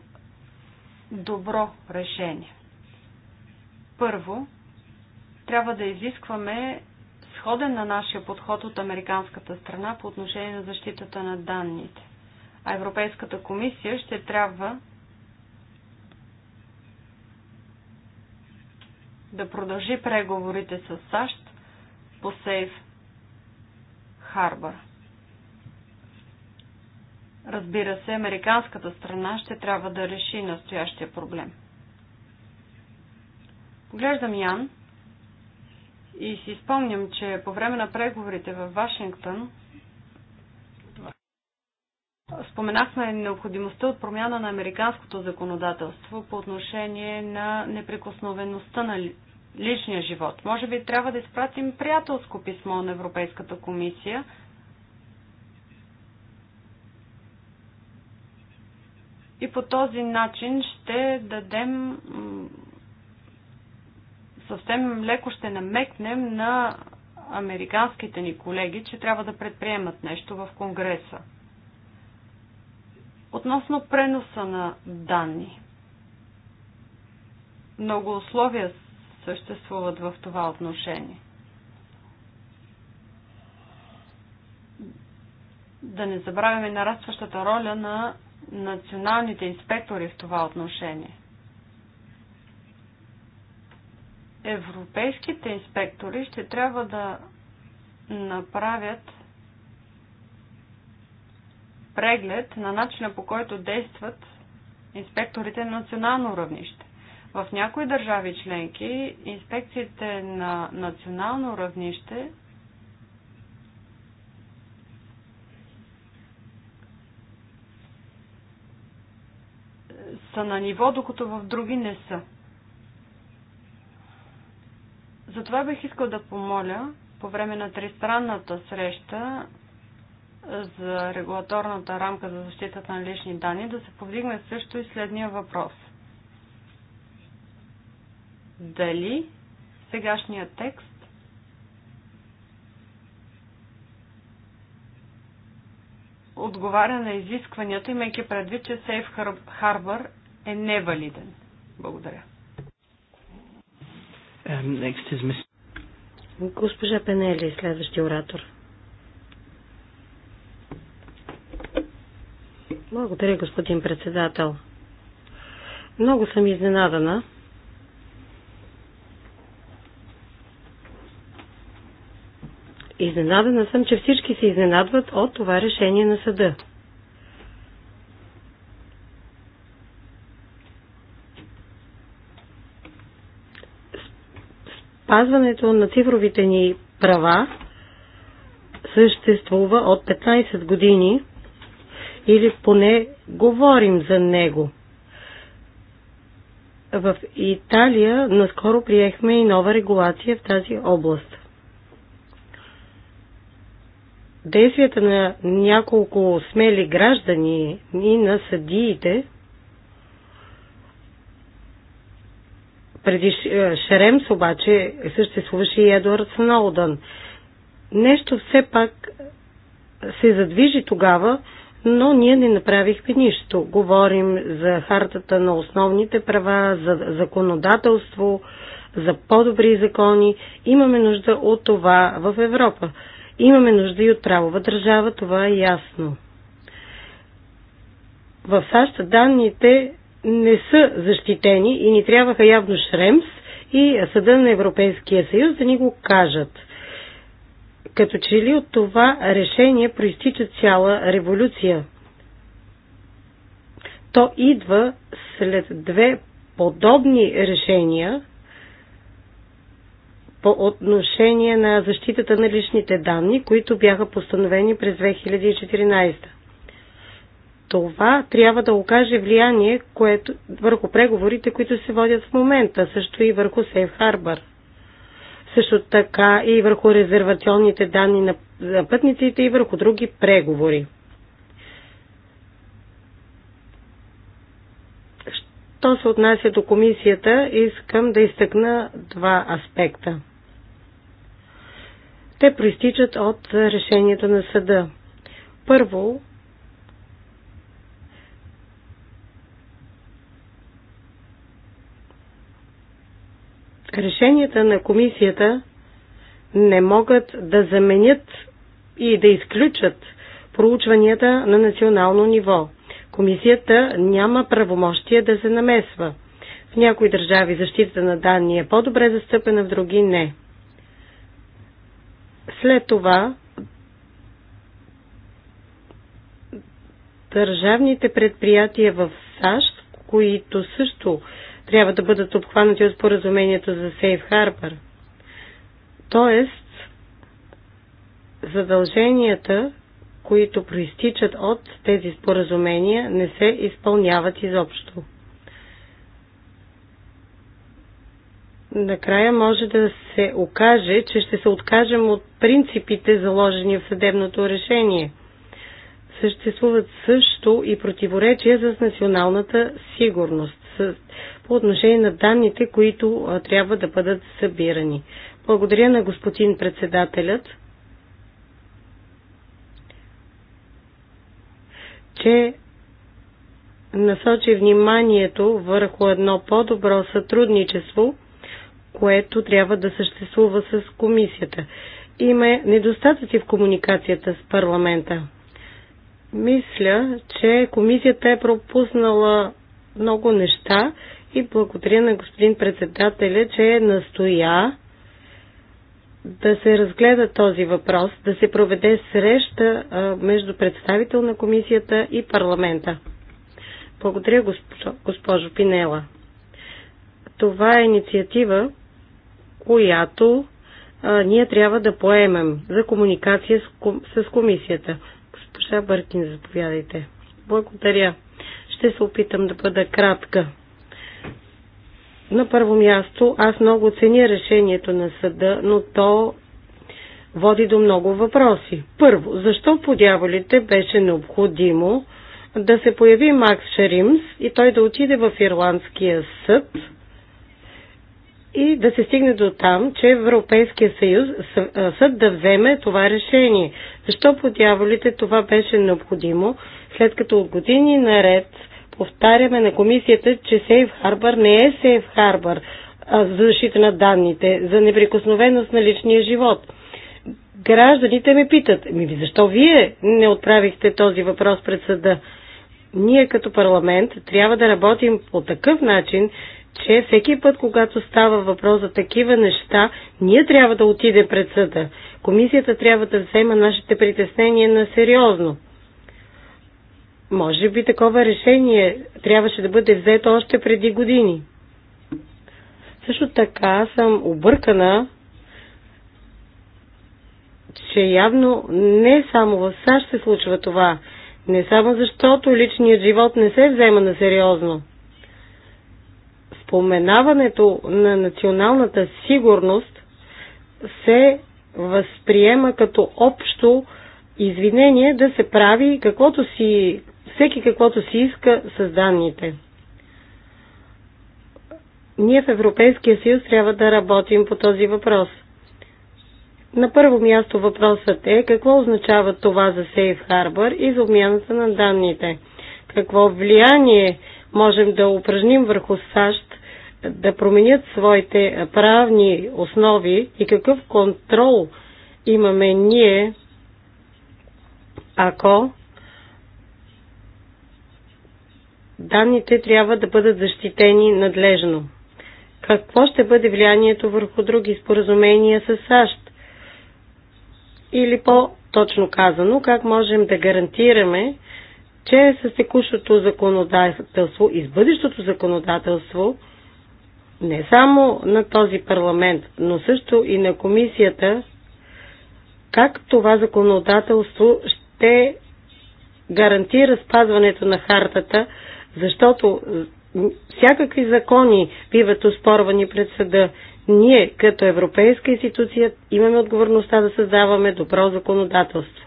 добро решение. Първо, трябва да изискваме сходен на нашия подход от американската страна по отношение на защитата на данните. А Европейската комисия ще трябва да продължи преговорите с САЩ по Сейф Харбър. Разбира се, американската страна ще трябва да реши настоящия проблем. Поглеждам Ян и си спомням, че по време на преговорите в Вашингтон Споменахме необходимостта от промяна на американското законодателство по отношение на неприкосновеността на личния живот. Може би трябва да изпратим приятелско писмо на Европейската комисия, И по този начин ще дадем съвсем леко ще намекнем на американските ни колеги, че трябва да предприемат нещо в Конгреса. Относно преноса на данни. Много условия съществуват в това отношение. Да не забравяме нарастващата роля на националните инспектори в това отношение. Европейските инспектори ще трябва да направят преглед на начина по който действат инспекторите на национално равнище. В някои държави членки инспекциите на национално равнище са на ниво, докато в други не са. Затова бих искал да помоля по време на тристранната среща за регулаторната рамка за защитата на лични данни, да се повдигне също и следния въпрос. Дали сегашният текст отговаря на изискванията, имайки предвид, че Safe Harbor е невалиден. Благодаря. Госпожа Пенели, следващия оратор. Благодаря, господин председател. Много съм изненадана. Изненадана съм, че всички се изненадват от това решение на съда. Спазването на цифровите ни права съществува от 15 години или поне говорим за него. В Италия наскоро приехме и нова регулация в тази област. Действията на няколко смели граждани и на съдиите преди Шеремс обаче съществуваше и Едуард Сноудън. Нещо все пак се задвижи тогава, но ние не направихме нищо. Говорим за хартата на основните права, за законодателство, за по-добри закони. Имаме нужда от това в Европа. Имаме нужда и от правова държава, това е ясно. В САЩ данните не са защитени и ни трябваха явно Шремс и Съда на Европейския съюз да ни го кажат – като че ли от това решение проистича цяла революция? То идва след две подобни решения по отношение на защитата на личните данни, които бяха постановени през 2014. Това трябва да окаже влияние което, върху преговорите, които се водят в момента, също и върху Сейф Harbor – също така и върху резервационните данни на пътниците и върху други преговори. Що се отнася до комисията, искам да изтъкна два аспекта. Те проистичат от решението на съда. Първо, Решенията на комисията не могат да заменят и да изключат проучванията на национално ниво. Комисията няма правомощие да се намесва. В някои държави защитата на данни е по-добре застъпена, в други не. След това държавните предприятия в САЩ, които също трябва да бъдат обхванати от споразумението за Сейф Харбър. Тоест, задълженията, които проистичат от тези споразумения, не се изпълняват изобщо. Накрая може да се окаже, че ще се откажем от принципите, заложени в съдебното решение. Съществуват също и противоречия с националната сигурност по отношение на данните, които трябва да бъдат събирани. Благодаря на господин председателят, че насочи вниманието върху едно по-добро сътрудничество, което трябва да съществува с комисията. Има недостатъци в комуникацията с парламента. Мисля, че комисията е пропуснала много неща и благодаря на господин председателя, че настоя да се разгледа този въпрос, да се проведе среща между представител на комисията и парламента. Благодаря, госпожо, госпожо Пинела. Това е инициатива, която а, ние трябва да поемем за комуникация с, ком, с комисията. Госпожа Бъркин, заповядайте. Благодаря. Ще се опитам да бъда кратка. На първо място, аз много ценя решението на съда, но то води до много въпроси. Първо, защо по дяволите беше необходимо да се появи Макс Шеримс и той да отиде в Ирландския съд и да се стигне до там, че Европейския съюз съд да вземе това решение. Защо по дяволите това беше необходимо, след като от години наред повтаряме на комисията, че Сейф Харбър не е Сейф Харбър за защита на данните, за неприкосновеност на личния живот. Гражданите ме питат, ми защо вие не отправихте този въпрос пред съда? Ние като парламент трябва да работим по такъв начин, че всеки път, когато става въпрос за такива неща, ние трябва да отиде пред съда. Комисията трябва да взема нашите притеснения на сериозно. Може би такова решение трябваше да бъде взето още преди години. Също така съм объркана, че явно не само в САЩ се случва това, не само защото личният живот не се взема на сериозно. Споменаването на националната сигурност се възприема като общо извинение да се прави каквото си всеки каквото си иска с данните. Ние в Европейския съюз трябва да работим по този въпрос. На първо място въпросът е какво означава това за Safe Harbor и за обмяната на данните. Какво влияние можем да упражним върху САЩ да променят своите правни основи и какъв контрол имаме ние, ако Данните трябва да бъдат защитени надлежно. Какво ще бъде влиянието върху други споразумения с САЩ? Или по-точно казано, как можем да гарантираме, че с текущото законодателство и с бъдещото законодателство, не само на този парламент, но също и на комисията, как това законодателство ще гарантира спазването на хартата защото всякакви закони биват оспорвани пред съда. Ние, като европейска институция, имаме отговорността да създаваме добро законодателство.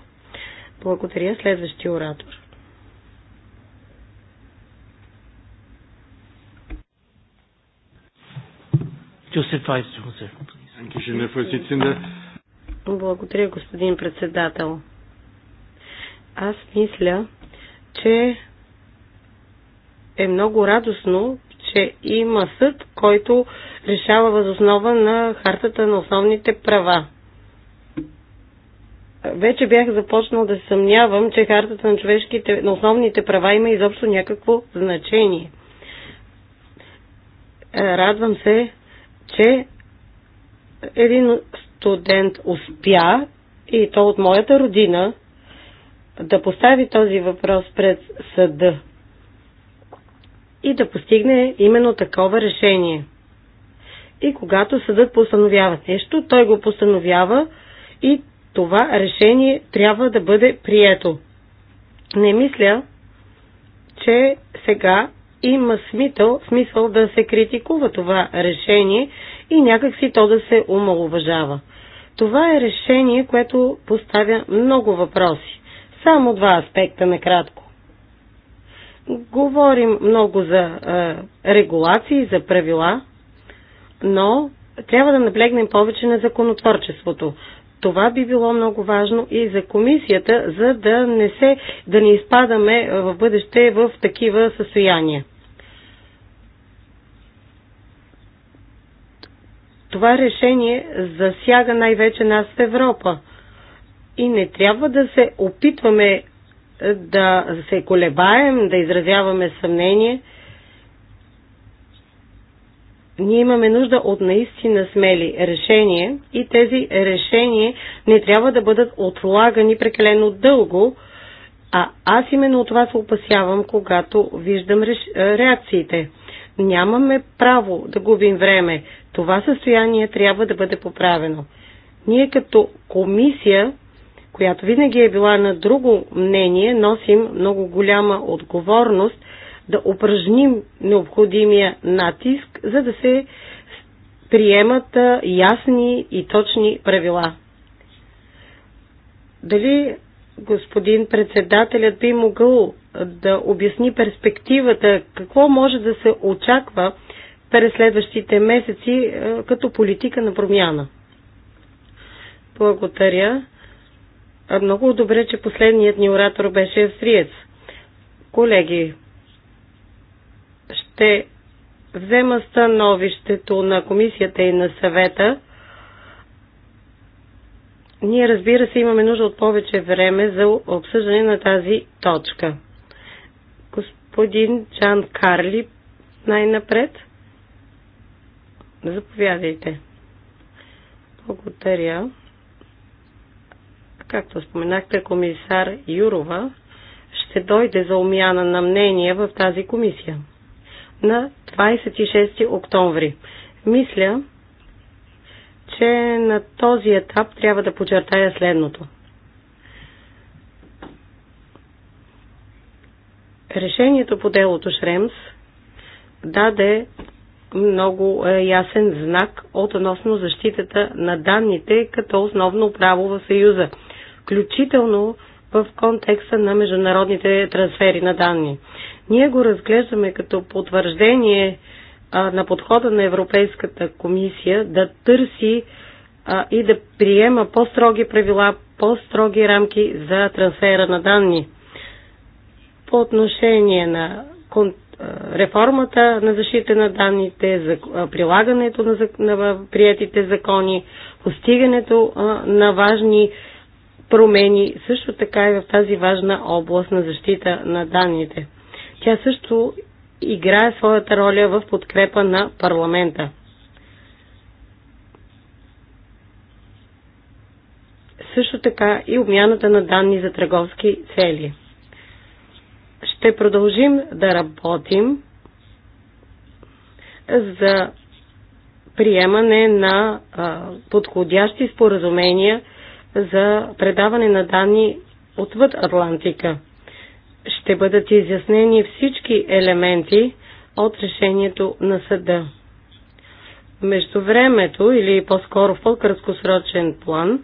Благодаря. Следващия оратор. Благодаря, господин председател. Аз мисля, че е много радостно, че има съд, който решава възоснова на хартата на основните права. Вече бях започнал да съмнявам, че хартата на, човешките, на основните права има изобщо някакво значение. Радвам се, че един студент успя, и то от моята родина, да постави този въпрос пред съда и да постигне именно такова решение. И когато съдът постановява нещо, той го постановява и това решение трябва да бъде прието. Не мисля, че сега има смисъл, смисъл да се критикува това решение и някакси то да се умалуважава. Това е решение, което поставя много въпроси. Само два аспекта накратко. Говорим много за регулации, за правила, но трябва да наблегнем повече на законотворчеството. Това би било много важно и за комисията, за да не, се, да не изпадаме в бъдеще в такива състояния. Това решение засяга най-вече нас в Европа. И не трябва да се опитваме да се колебаем, да изразяваме съмнение. Ние имаме нужда от наистина смели решения и тези решения не трябва да бъдат отлагани прекалено дълго, а аз именно от това се опасявам, когато виждам реакциите. Нямаме право да губим време. Това състояние трябва да бъде поправено. Ние като комисия която винаги е била на друго мнение, носим много голяма отговорност да упражним необходимия натиск, за да се приемат ясни и точни правила. Дали господин председателят би могъл да обясни перспективата, какво може да се очаква през следващите месеци като политика на промяна? Благодаря. Много добре, че последният ни оратор беше австриец. Колеги, ще взема становището на комисията и на съвета. Ние, разбира се, имаме нужда от повече време за обсъждане на тази точка. Господин Чан Карли, най-напред. Заповядайте. Благодаря. Както споменахте, комисар Юрова ще дойде за умяна на мнение в тази комисия на 26 октомври. Мисля, че на този етап трябва да подчертая следното. Решението по делото Шремс даде много е, ясен знак относно защитата на данните като основно право в Съюза – включително в контекста на международните трансфери на данни. Ние го разглеждаме като потвърждение а, на подхода на Европейската комисия да търси а, и да приема по-строги правила, по-строги рамки за трансфера на данни. По отношение на реформата на защита на данните, за прилагането на, на приятите закони, постигането на важни промени също така и в тази важна област на защита на данните. Тя също играе своята роля в подкрепа на парламента. Също така и обмяната на данни за търговски цели. Ще продължим да работим за приемане на подходящи споразумения – за предаване на данни отвъд Атлантика. Ще бъдат изяснени всички елементи от решението на съда. Между времето или по-скоро в по-краткосрочен план,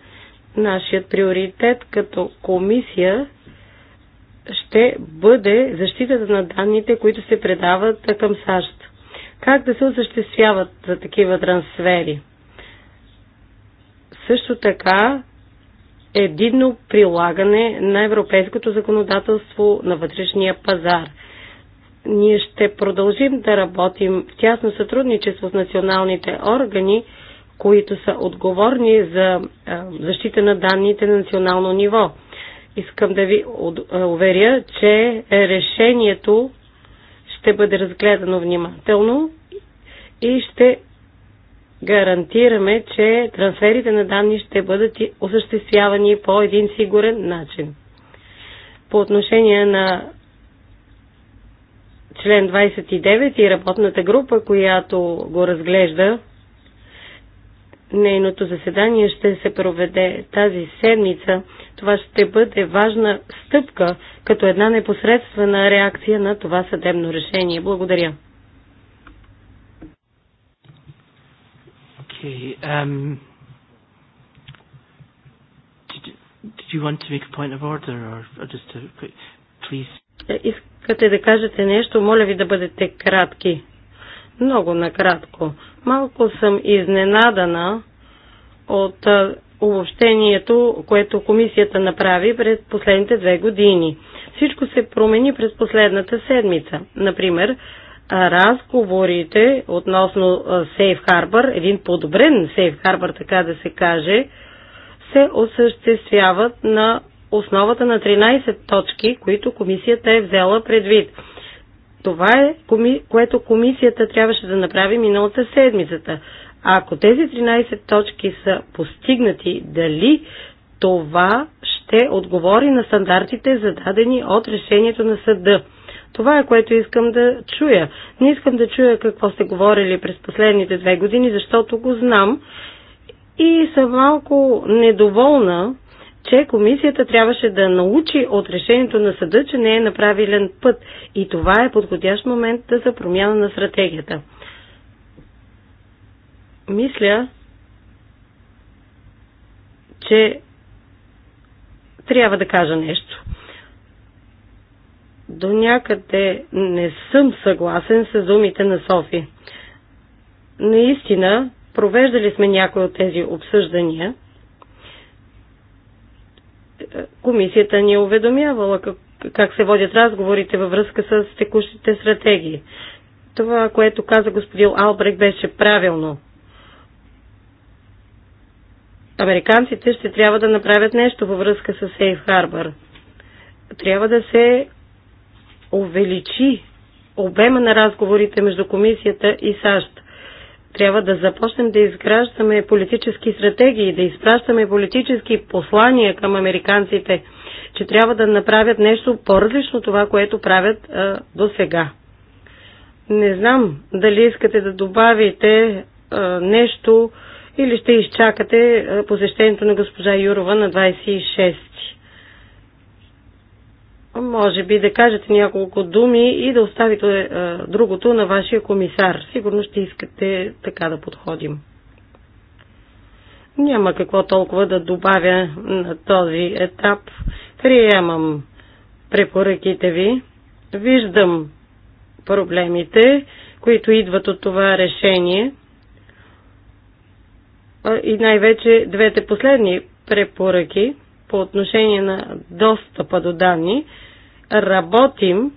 нашият приоритет като комисия ще бъде защитата на данните, които се предават към САЩ. Как да се осъществяват за такива трансфери? Също така единно прилагане на европейското законодателство на вътрешния пазар. Ние ще продължим да работим в тясно сътрудничество с националните органи, които са отговорни за защита на данните на национално ниво. Искам да ви уверя, че решението ще бъде разгледано внимателно и ще гарантираме, че трансферите на данни ще бъдат осъществявани по един сигурен начин. По отношение на член 29 и работната група, която го разглежда, нейното заседание ще се проведе тази седмица. Това ще бъде важна стъпка като една непосредствена реакция на това съдебно решение. Благодаря. Okay. Um, did, did you want to make a point of order or, or just to please? Е, искате да кажете нещо, моля ви да бъдете кратки. Много накратко. Малко съм изненадана от обобщението, което комисията направи през последните две години. Всичко се промени през последната седмица. Например, разговорите относно Сейф Харбър, един подобрен Сейф Харбър, така да се каже, се осъществяват на основата на 13 точки, които комисията е взела предвид. Това е, което комисията трябваше да направи миналата седмицата. Ако тези 13 точки са постигнати, дали това ще отговори на стандартите, зададени от решението на съда? Това е което искам да чуя. Не искам да чуя какво сте говорили през последните две години, защото го знам и съм малко недоволна, че комисията трябваше да научи от решението на съда, че не е направилен път и това е подходящ момент за промяна на стратегията. Мисля, че трябва да кажа нещо. До някъде не съм съгласен с думите на Софи. Наистина, провеждали сме някои от тези обсъждания. Комисията ни е уведомявала как, как се водят разговорите във връзка с текущите стратегии. Това, което каза господин Албрек, беше правилно. Американците ще трябва да направят нещо във връзка с Сейф Харбър. Трябва да се увеличи обема на разговорите между комисията и САЩ. Трябва да започнем да изграждаме политически стратегии, да изпращаме политически послания към американците, че трябва да направят нещо по-различно това, което правят а, до сега. Не знам дали искате да добавите а, нещо или ще изчакате а, посещението на госпожа Юрова на 26 може би да кажете няколко думи и да оставите а, е, другото на вашия комисар. Сигурно ще искате така да подходим. Няма какво толкова да добавя на този етап. Приемам препоръките ви. Виждам проблемите, които идват от това решение. И най-вече двете последни препоръки по отношение на достъпа до данни – работим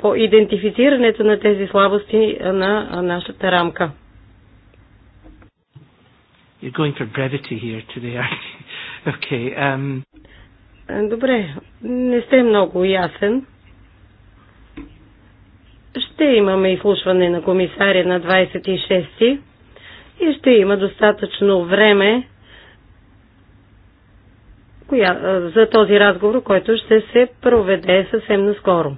по идентифицирането на тези слабости на нашата рамка. You're going for brevity here today, aren't you? Okay, um... Добре, не сте много ясен. Ще имаме изслушване на комисаря на 26 и ще има достатъчно време коя, за този разговор, който ще се проведе съвсем наскоро.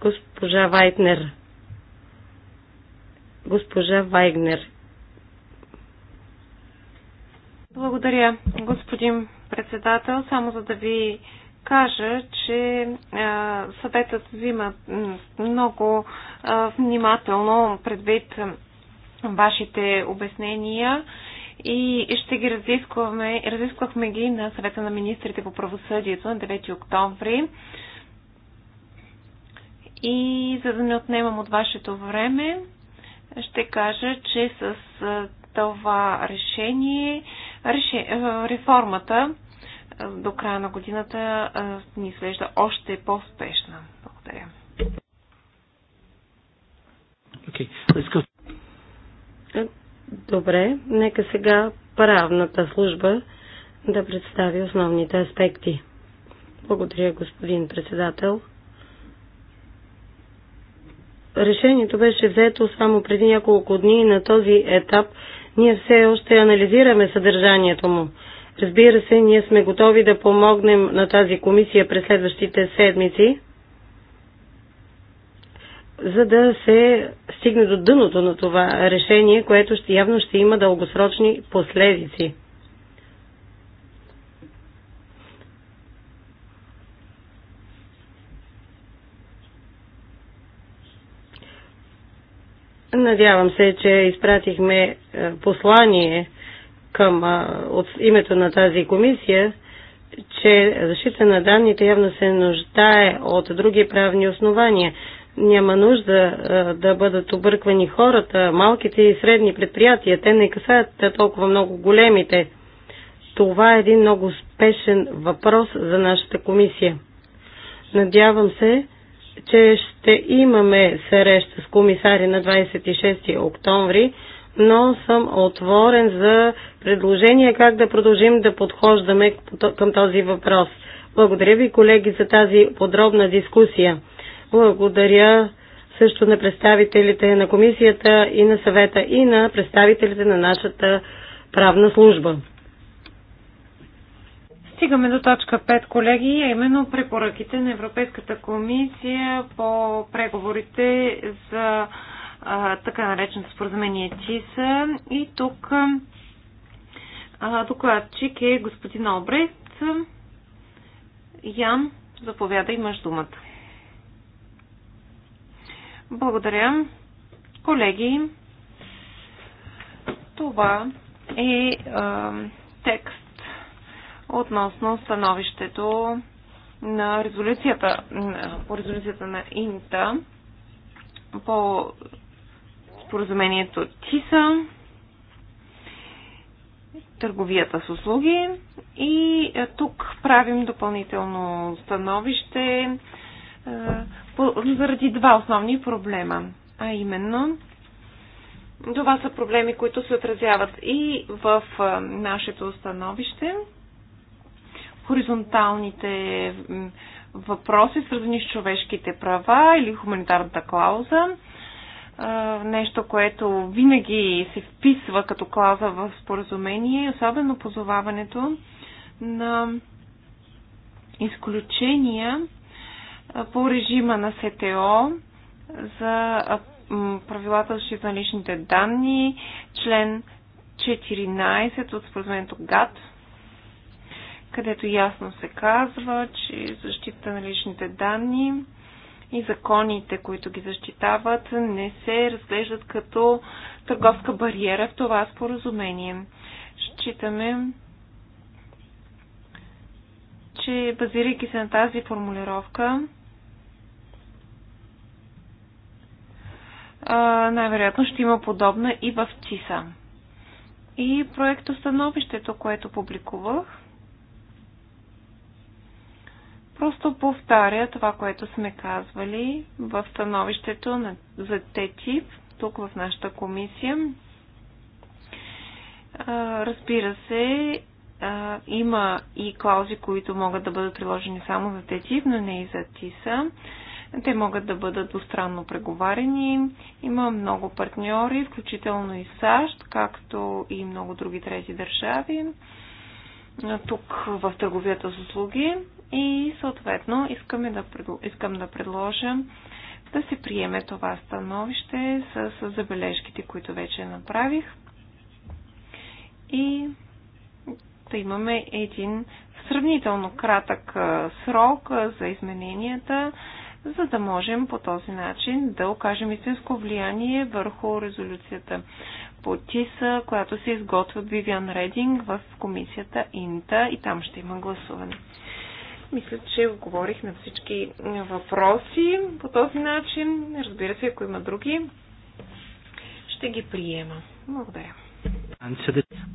Госпожа Вайтнер. Госпожа Вайгнер. Благодаря, господин председател. Само за да ви кажа, че а, съветът взима много а, внимателно предвид вашите обяснения и ще ги разискваме, разисквахме ги на съвета на министрите по правосъдието на 9 октомври. И за да не отнемам от вашето време, ще кажа, че с това решение реше, реформата до края на годината ни изглежда още по-спешна. Благодаря. Okay, let's go. Добре, нека сега правната служба да представи основните аспекти. Благодаря, господин председател. Решението беше взето само преди няколко дни и на този етап ние все още анализираме съдържанието му. Разбира се, ние сме готови да помогнем на тази комисия през следващите седмици за да се стигне до дъното на това решение, което ще, явно ще има дългосрочни последици. Надявам се, че изпратихме е, послание към, е, от името на тази комисия, че защита на данните явно се нуждае от други правни основания. Няма нужда да бъдат обърквани хората, малките и средни предприятия. Те не касаят толкова много големите. Това е един много спешен въпрос за нашата комисия. Надявам се, че ще имаме среща с комисари на 26 октомври, но съм отворен за предложения как да продължим да подхождаме към този въпрос. Благодаря ви, колеги, за тази подробна дискусия. Благодаря също на представителите на комисията и на съвета и на представителите на нашата правна служба. Стигаме до точка 5, колеги, а именно препоръките на Европейската комисия по преговорите за а, така нареченото споразумение ЧИСА. И тук а, докладчик е господин Обрет Ян, заповяда, имаш думата. Благодаря. Колеги, това е, а, текст относно становището на резолюцията, по резолюцията на Инта по споразумението ТИСА, търговията с услуги и тук правим допълнително становище заради два основни проблема. А именно, това са проблеми, които се отразяват и в нашето становище. Хоризонталните въпроси, свързани с човешките права или хуманитарната клауза. Нещо, което винаги се вписва като клауза в споразумение, особено позоваването на изключения по режима на СТО за правилата защита на личните данни, член 14 от споразумението ГАТ, където ясно се казва, че защита на личните данни и законите, които ги защитават, не се разглеждат като търговска бариера в това споразумение. Считаме, че базирайки се на тази формулировка, най-вероятно ще има подобна и в ТИСА. И становището, което публикувах, просто повтаря това, което сме казвали в становището на, за ТЕТИП, тук в нашата комисия. А, разбира се, а, има и клаузи, които могат да бъдат приложени само за ТЕТИП, но не и за ТИСА. Те могат да бъдат двустранно преговарени. Има много партньори, включително и САЩ, както и много други трети държави тук в търговията с услуги и съответно искаме да, искам да предложа да се приеме това становище с забележките, които вече направих и да имаме един сравнително кратък срок за измененията за да можем по този начин да окажем истинско влияние върху резолюцията по ТИСа, която се изготвя от Вивиан Рединг в комисията Инта и там ще има гласуване. Мисля, че отговорих на всички въпроси по този начин. Разбира се, ако има други, ще ги приема. Благодаря.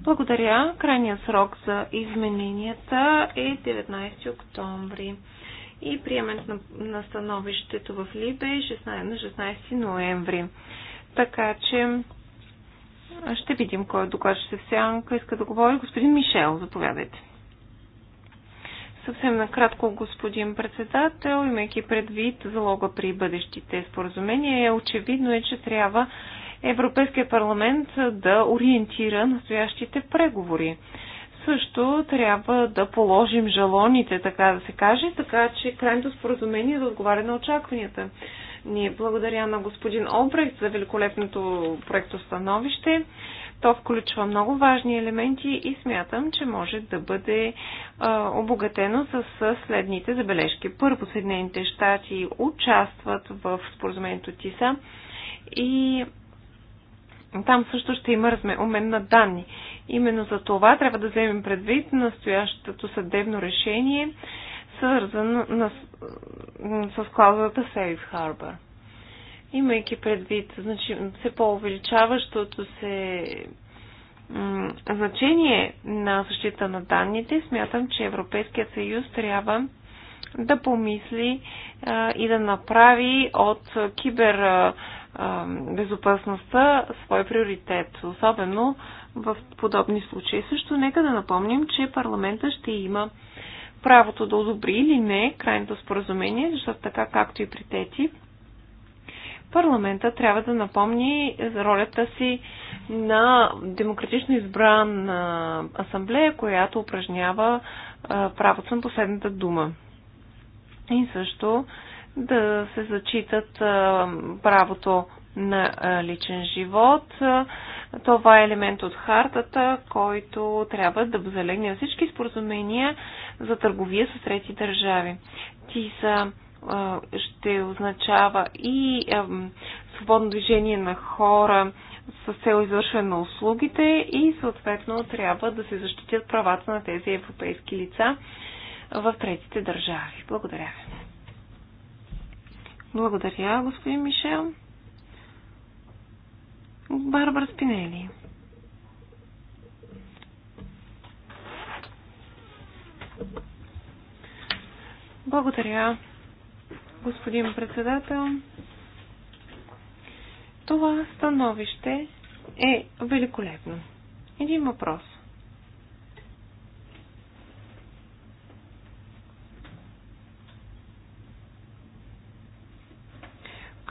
Благодаря. Крайният срок за измененията е 19 октомври и приемането на, на становището в Либе 16, на 16 ноември. Така че ще видим кой е ще се сянка. Иска да говори господин Мишел. Заповядайте. Съвсем накратко, господин председател, имайки предвид залога при бъдещите споразумения, е очевидно е, че трябва Европейския парламент да ориентира настоящите преговори също трябва да положим жалоните, така да се каже, така че крайното споразумение да отговаря на очакванията. Ние благодаря на господин Обрехт за великолепното проекто становище. То включва много важни елементи и смятам, че може да бъде а, обогатено с следните забележки. Първо, Съединените щати участват в споразумението ТИСА и там също ще има размен умен на данни. Именно за това трябва да вземем предвид настоящото съдебно решение, свързано с, с клаузата Safe Harbor. Имайки предвид значи, все по-увеличаващото се значение на защита на данните, смятам, че Европейският съюз трябва да помисли а, и да направи от кибер а, безопасността свой приоритет, особено в подобни случаи. Също нека да напомним, че парламента ще има правото да одобри или не крайното споразумение, защото така както и при тети, парламента трябва да напомни за ролята си на демократично избран асамблея, която упражнява правото на последната дума. И също да се зачитат правото на личен живот. Това е елемент от хартата, който трябва да залегне всички споразумения за търговия с трети държави. ТИСА ще означава и свободно движение на хора с цел извършване на услугите и съответно трябва да се защитят правата на тези европейски лица в третите държави. Благодаря ви. Благодаря, господин Мишел. Барбара Спинели. Благодаря, господин председател. Това становище е великолепно. Един въпрос.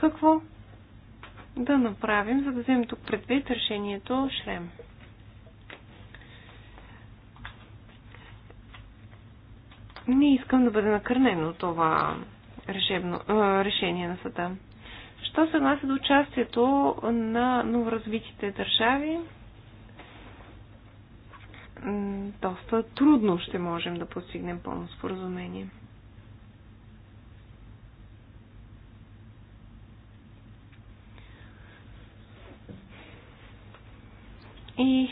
какво да направим, за да вземем тук предвид решението шлем. Не искам да бъде накърнено това решебно, решение на съда. Що се отнася до участието на новоразвитите държави, доста трудно ще можем да постигнем пълно споразумение. и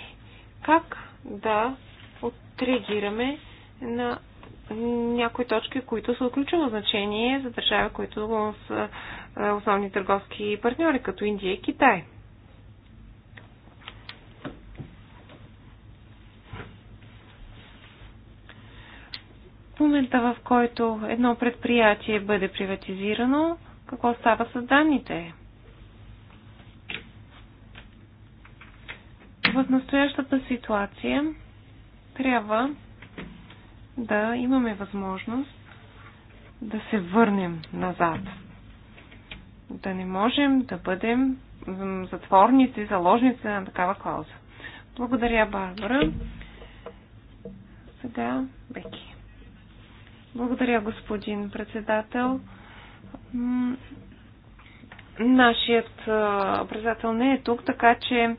как да отреагираме на някои точки, които са от ключово значение за държави, които са е, основни търговски партньори, като Индия и Китай. В момента, в който едно предприятие бъде приватизирано, какво става с данните? В настоящата ситуация трябва да имаме възможност да се върнем назад. Да не можем да бъдем затворници, заложници на такава клауза. Благодаря, Барбара. Сега Беки. Благодаря, господин председател. Нашият председател не е тук, така че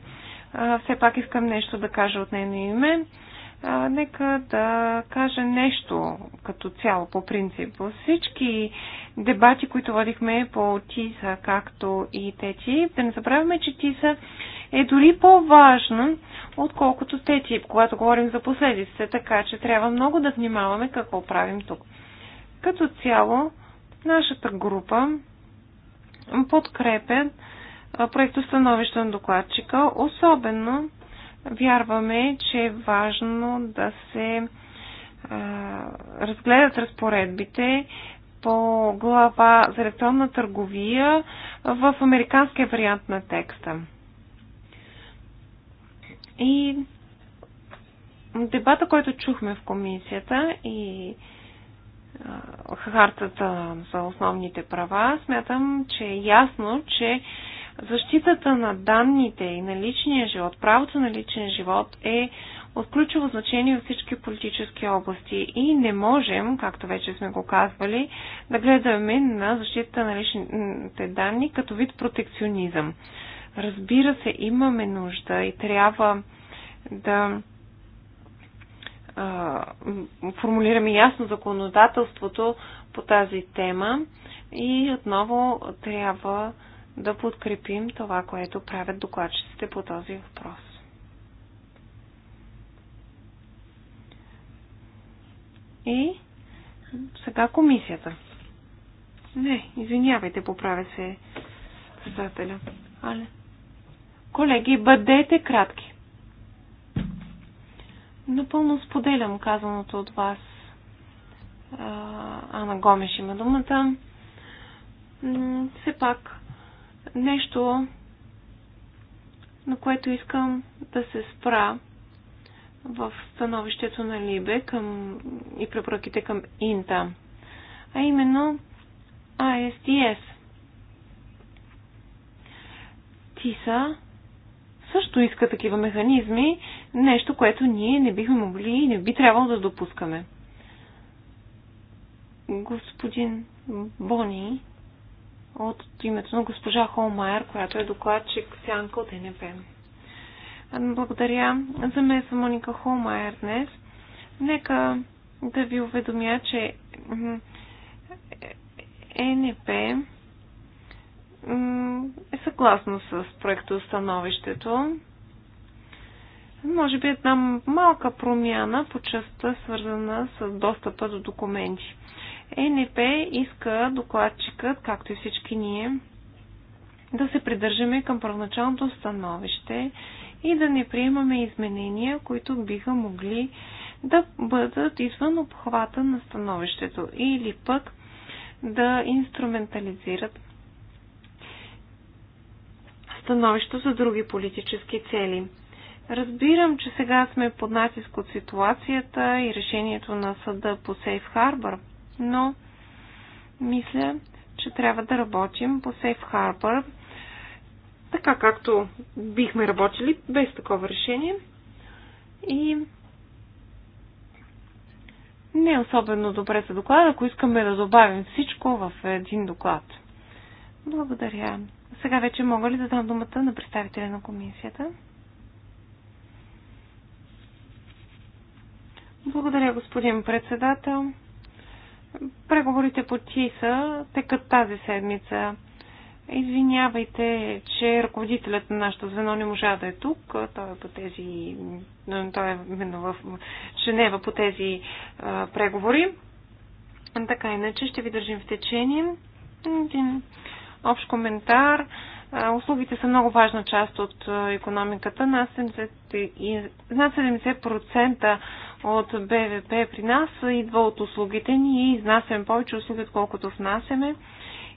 все пак искам нещо да кажа от нейно име. А, нека да кажа нещо като цяло по принцип. Всички дебати, които водихме по ТИСА, както и ТЕТИ, да не забравяме, че ТИСА е дори по-важна, отколкото ТЕТИ, когато говорим за последиците, така че трябва много да внимаваме какво правим тук. Като цяло, нашата група подкрепя проекто становище на докладчика. Особено вярваме, че е важно да се разгледат разпоредбите по глава за електронна търговия в американския вариант на текста. И дебата, който чухме в комисията и хартата за основните права, смятам, че е ясно, че защитата на данните и на личния живот, правото на личен живот е от ключово значение във всички политически области и не можем, както вече сме го казвали, да гледаме на защитата на личните данни като вид протекционизъм. Разбира се, имаме нужда и трябва да а, формулираме ясно законодателството по тази тема и отново трябва да подкрепим това, което правят докладчиците по този въпрос. И сега комисията. Не, извинявайте, поправя се създателя. Але. Колеги, бъдете кратки. Напълно споделям казаното от вас. Ана Гомеш има думата. Все пак Нещо, на което искам да се спра в становището на Либе към, и препоръките към Инта, а именно ASDS. ТИСА също иска такива механизми, нещо, което ние не бихме могли и не би трябвало да допускаме. Господин Бони от името на госпожа Холмайер, която е докладчик Сянка от НП. Благодаря. За мен е съм Моника Холмайер днес. Нека да ви уведомя, че НП е съгласно с проектоустановището. Може би една малка промяна по частта, свързана с достъпа до документи. ЕНП иска докладчикът, както и всички ние, да се придържаме към първоначалното становище и да не приемаме изменения, които биха могли да бъдат извън обхвата на становището или пък да инструментализират становището за други политически цели. Разбирам, че сега сме под натиск от ситуацията и решението на съда по Сейф Харбър, но мисля, че трябва да работим по Safe Harbor, така както бихме работили без такова решение. И не е особено добре за доклада, ако искаме да добавим всичко в един доклад. Благодаря. Сега вече мога ли да дам думата на представителя на комисията? Благодаря, господин председател. Преговорите по ТИСА текат тази седмица. Извинявайте, че ръководителят на нашото звено не можа да е тук. Той е по тези. Той е именно в Женева по тези а, преговори. Така иначе ще ви държим в течение. Един общ коментар. Услугите са много важна част от економиката. Над 70%, над 70 от БВП при нас идва от услугите ни и изнасяме повече услуги, отколкото внасяме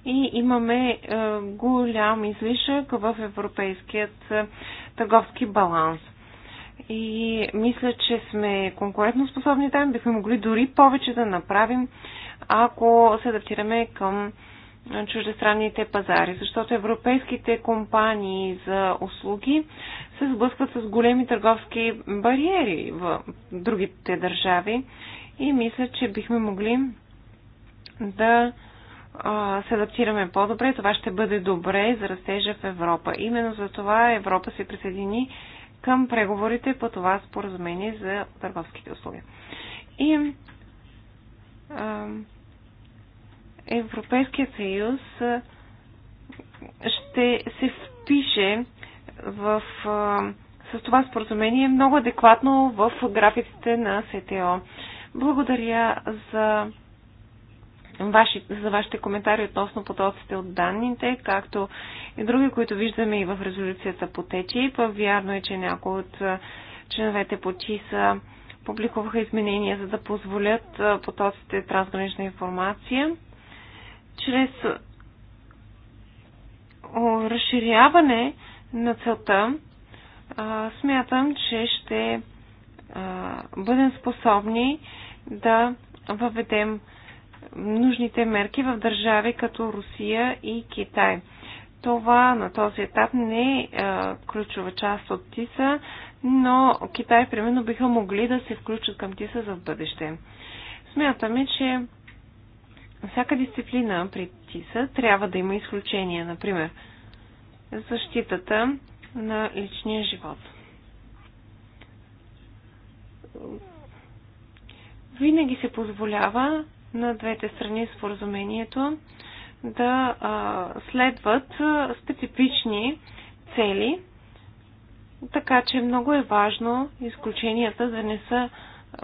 и имаме е, голям излишък в европейският е, търговски баланс. И мисля, че сме конкурентно способни там, бихме могли дори повече да направим, ако се адаптираме към чуждестранните пазари, защото европейските компании за услуги се сблъскват с големи търговски бариери в другите държави и мисля, че бихме могли да се адаптираме по-добре. Това ще бъде добре за растежа в Европа. Именно за това Европа се присъедини към преговорите по това споразумение за търговските услуги. И Европейският съюз ще се впише в, с това споразумение много адекватно в графиците на СТО. Благодаря за, ваши, за вашите коментари относно потоците от данните, както и други, които виждаме и в резолюцията по течи. Вярно е, че някои от членовете по ЧИСА публикуваха изменения, за да позволят потоците трансгранична информация чрез разширяване на целта, смятам, че ще бъдем способни да въведем нужните мерки в държави като Русия и Китай. Това на този етап не е ключова част от ТИСА, но Китай, примерно, биха могли да се включат към ТИСА за в бъдеще. Смятаме, че всяка дисциплина при ТИСа трябва да има изключения, например защитата на личния живот. Винаги се позволява на двете страни споразумението да а, следват специфични цели, така че много е важно изключенията да не са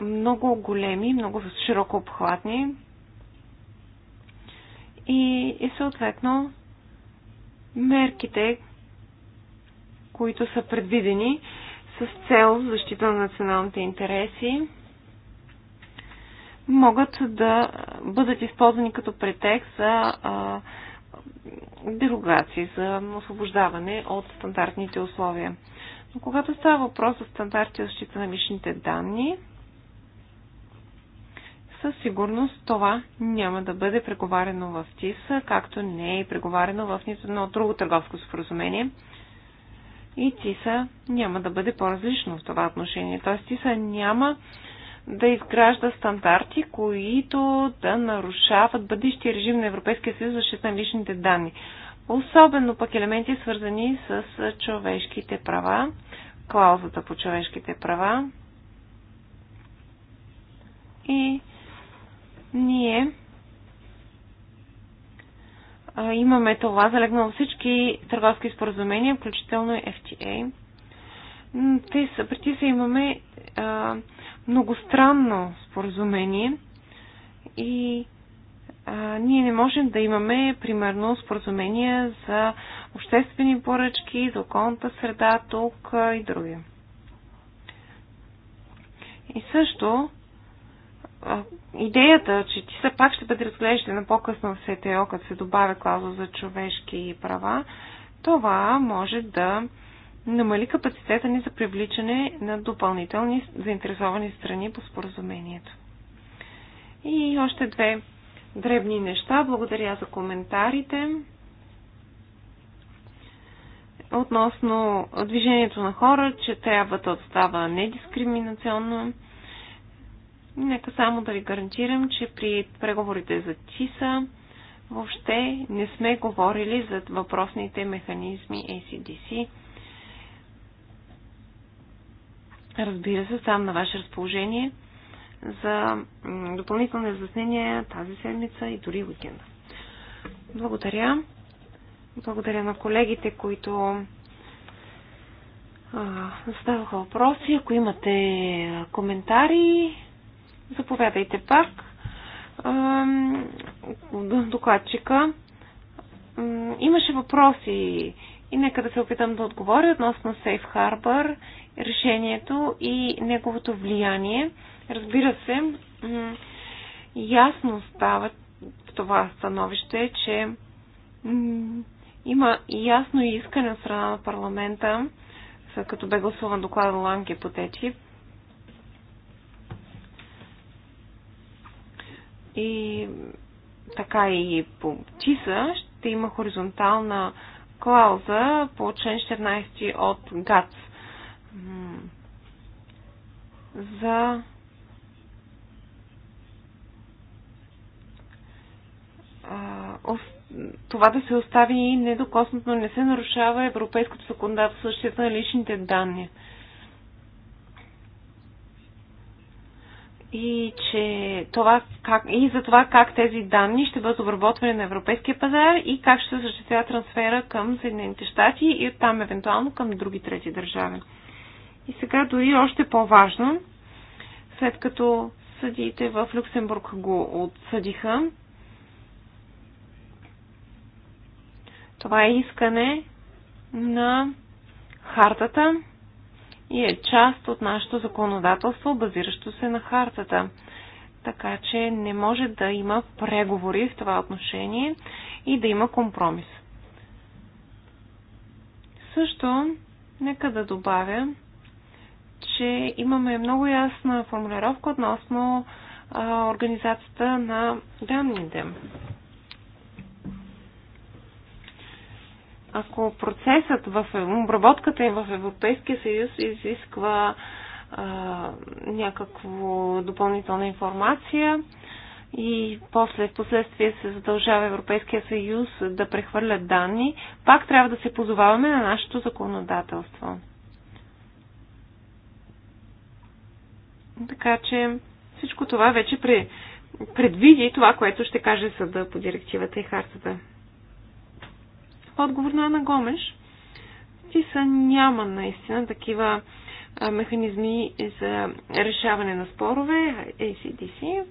много големи, много широко обхватни, и, и съответно мерките, които са предвидени с цел защита на националните интереси, могат да бъдат използвани като претекст за дерогации, за освобождаване от стандартните условия. Но когато става въпрос за стандарти за защита на личните данни, със сигурност това няма да бъде преговарено в ТИС, както не е преговарено в нито едно друго търговско споразумение. И ТИСа няма да бъде по-различно в това отношение. Т.е. ТИСа няма да изгражда стандарти, които да нарушават бъдещия режим на Европейския съюз за защита на личните данни. Особено пък елементи свързани с човешките права, клаузата по човешките права и ние имаме това залегнало всички търговски споразумения, включително и FTA. Те са, преди се имаме а, многостранно споразумение и а, ние не можем да имаме, примерно, споразумения за обществени поръчки, за околната среда, тук и други. И също идеята, че ти все пак ще бъде разглеждана по-късно в СТО, като се добавя клауза за човешки права, това може да намали капацитета ни за привличане на допълнителни заинтересовани страни по споразумението. И още две дребни неща. Благодаря за коментарите. Относно движението на хора, че трябва да отстава недискриминационно Нека само да ви гарантирам, че при преговорите за ТИСА въобще не сме говорили за въпросните механизми ACDC. Разбира се, сам на ваше разположение за допълнителни разяснения тази седмица и дори уикенда. Благодаря. Благодаря на колегите, които задаваха въпроси. Ако имате коментари, Заповядайте пак. Докладчика. Имаше въпроси и нека да се опитам да отговоря относно Safe Harbor, решението и неговото влияние. Разбира се, ясно става в това становище, че има ясно искане от страна на парламента, след като бе гласуван доклада Ланке по ТЕТИП, и така и по ТИСа ще има хоризонтална клауза по член 14 от ГАЦ за това да се остави недокоснато, не се нарушава европейското законодателство на личните данни. и че това как, и за това как тези данни ще бъдат обработвани на европейския пазар и как ще се осъществява трансфера към Съединените щати и оттам евентуално към други трети държави. И сега дори още по-важно, след като съдиите в Люксембург го отсъдиха, това е искане на хартата и е част от нашето законодателство, базиращо се на хартата. Така че не може да има преговори в това отношение и да има компромис. Също, нека да добавя, че имаме много ясна формулировка относно а, организацията на данните. ако процесът в е, обработката им в Европейския съюз изисква а, някакво допълнителна информация и после в последствие се задължава Европейския съюз да прехвърлят данни, пак трябва да се позоваваме на нашето законодателство. Така че всичко това вече предвиди това, което ще каже съда по директивата и хартата отговор на Ана Гомеш. Ти са няма наистина такива механизми за решаване на спорове, ACDC.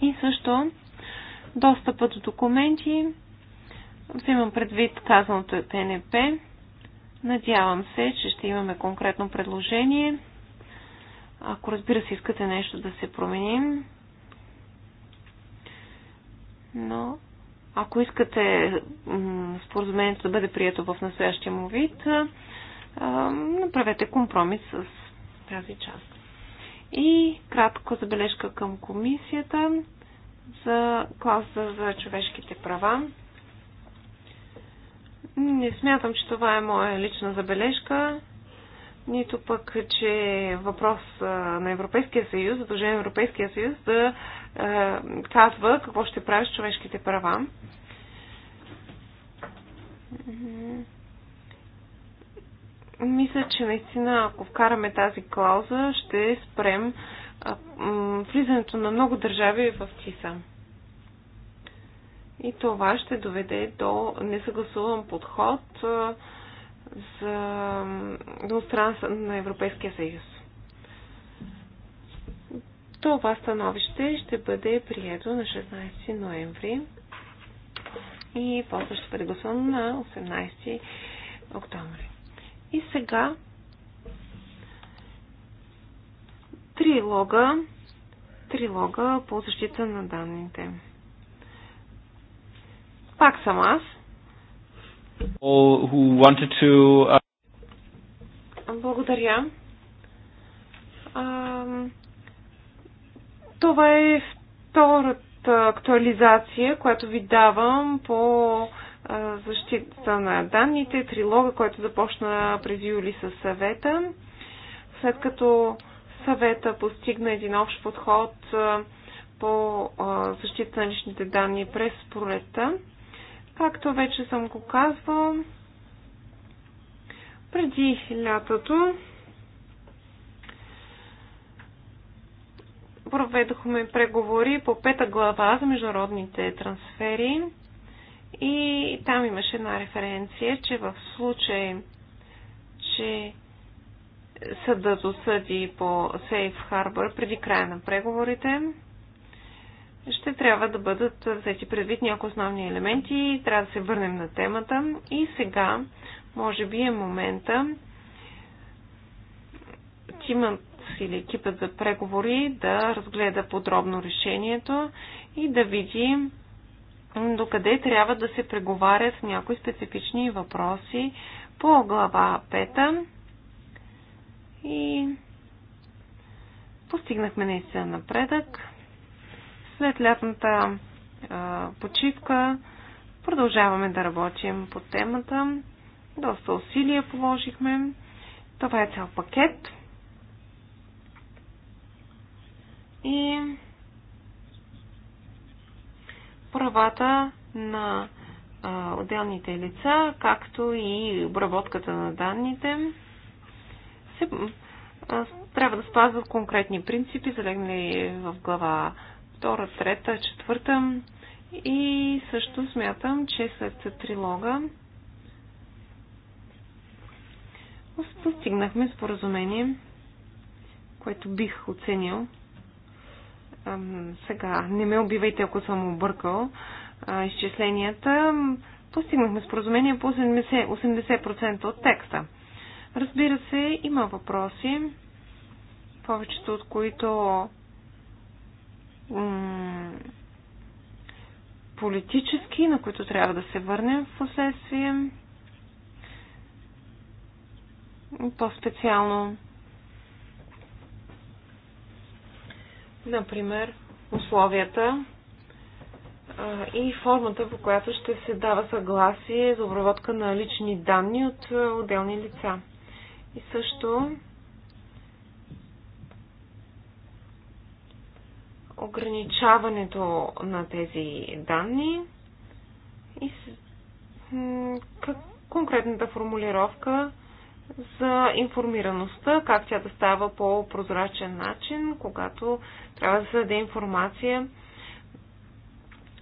И също достъпа до документи. Взимам предвид казаното е ПНП, Надявам се, че ще имаме конкретно предложение. Ако разбира се искате нещо да се променим. Но ако искате споразумението да бъде прието в настоящия му вид, направете компромис с тази част. И кратко забележка към комисията за класа за човешките права. Не смятам, че това е моя лична забележка, нито пък, че е въпрос на Европейския съюз, задължение на Европейския съюз да е, казва какво ще прави с човешките права. Мисля, че наистина, ако вкараме тази клауза, ще спрем влизането на много държави в ТИСА. И това ще доведе до несъгласуван подход за, до страна на Европейския съюз. Това становище ще бъде прието на 16 ноември и после ще бъде гласувано на 18 октомври. И сега трилога, трилога по защита на данните. Пак съм аз. To... Uh, Благодаря. Това е втората актуализация, която ви давам по защита на данните, трилога, който започна през юли със съвета. След като съвета постигна един общ подход по защита на личните данни през пролета, както вече съм го казвал, преди лятото проведохме преговори по пета глава за международните трансфери и там имаше една референция, че в случай, че съдът осъди по Safe Harbor преди края на преговорите, ще трябва да бъдат взети предвид някои основни елементи. Трябва да се върнем на темата. И сега, може би е момента, Тимът или екипът за преговори да разгледа подробно решението и да види докъде трябва да се преговарят някои специфични въпроси по глава 5 и постигнахме наистина напредък. След лятната а, почивка продължаваме да работим по темата. Доста усилия положихме. Това е цял пакет. и правата на отделните лица, както и обработката на данните, се, трябва да спазват конкретни принципи, залегнали в глава 2, 3, 4. И също смятам, че след трилога постигнахме споразумение, което бих оценил сега, не ме убивайте, ако съм объркал а, изчисленията. Постигнахме споразумение по 70, 80% от текста. Разбира се, има въпроси, повечето от които политически, на които трябва да се върнем в последствие. По-специално например, условията и формата, по която ще се дава съгласие за обработка на лични данни от отделни лица. И също ограничаването на тези данни и конкретната формулировка за информираността, как тя да става по прозрачен начин, когато трябва да се даде информация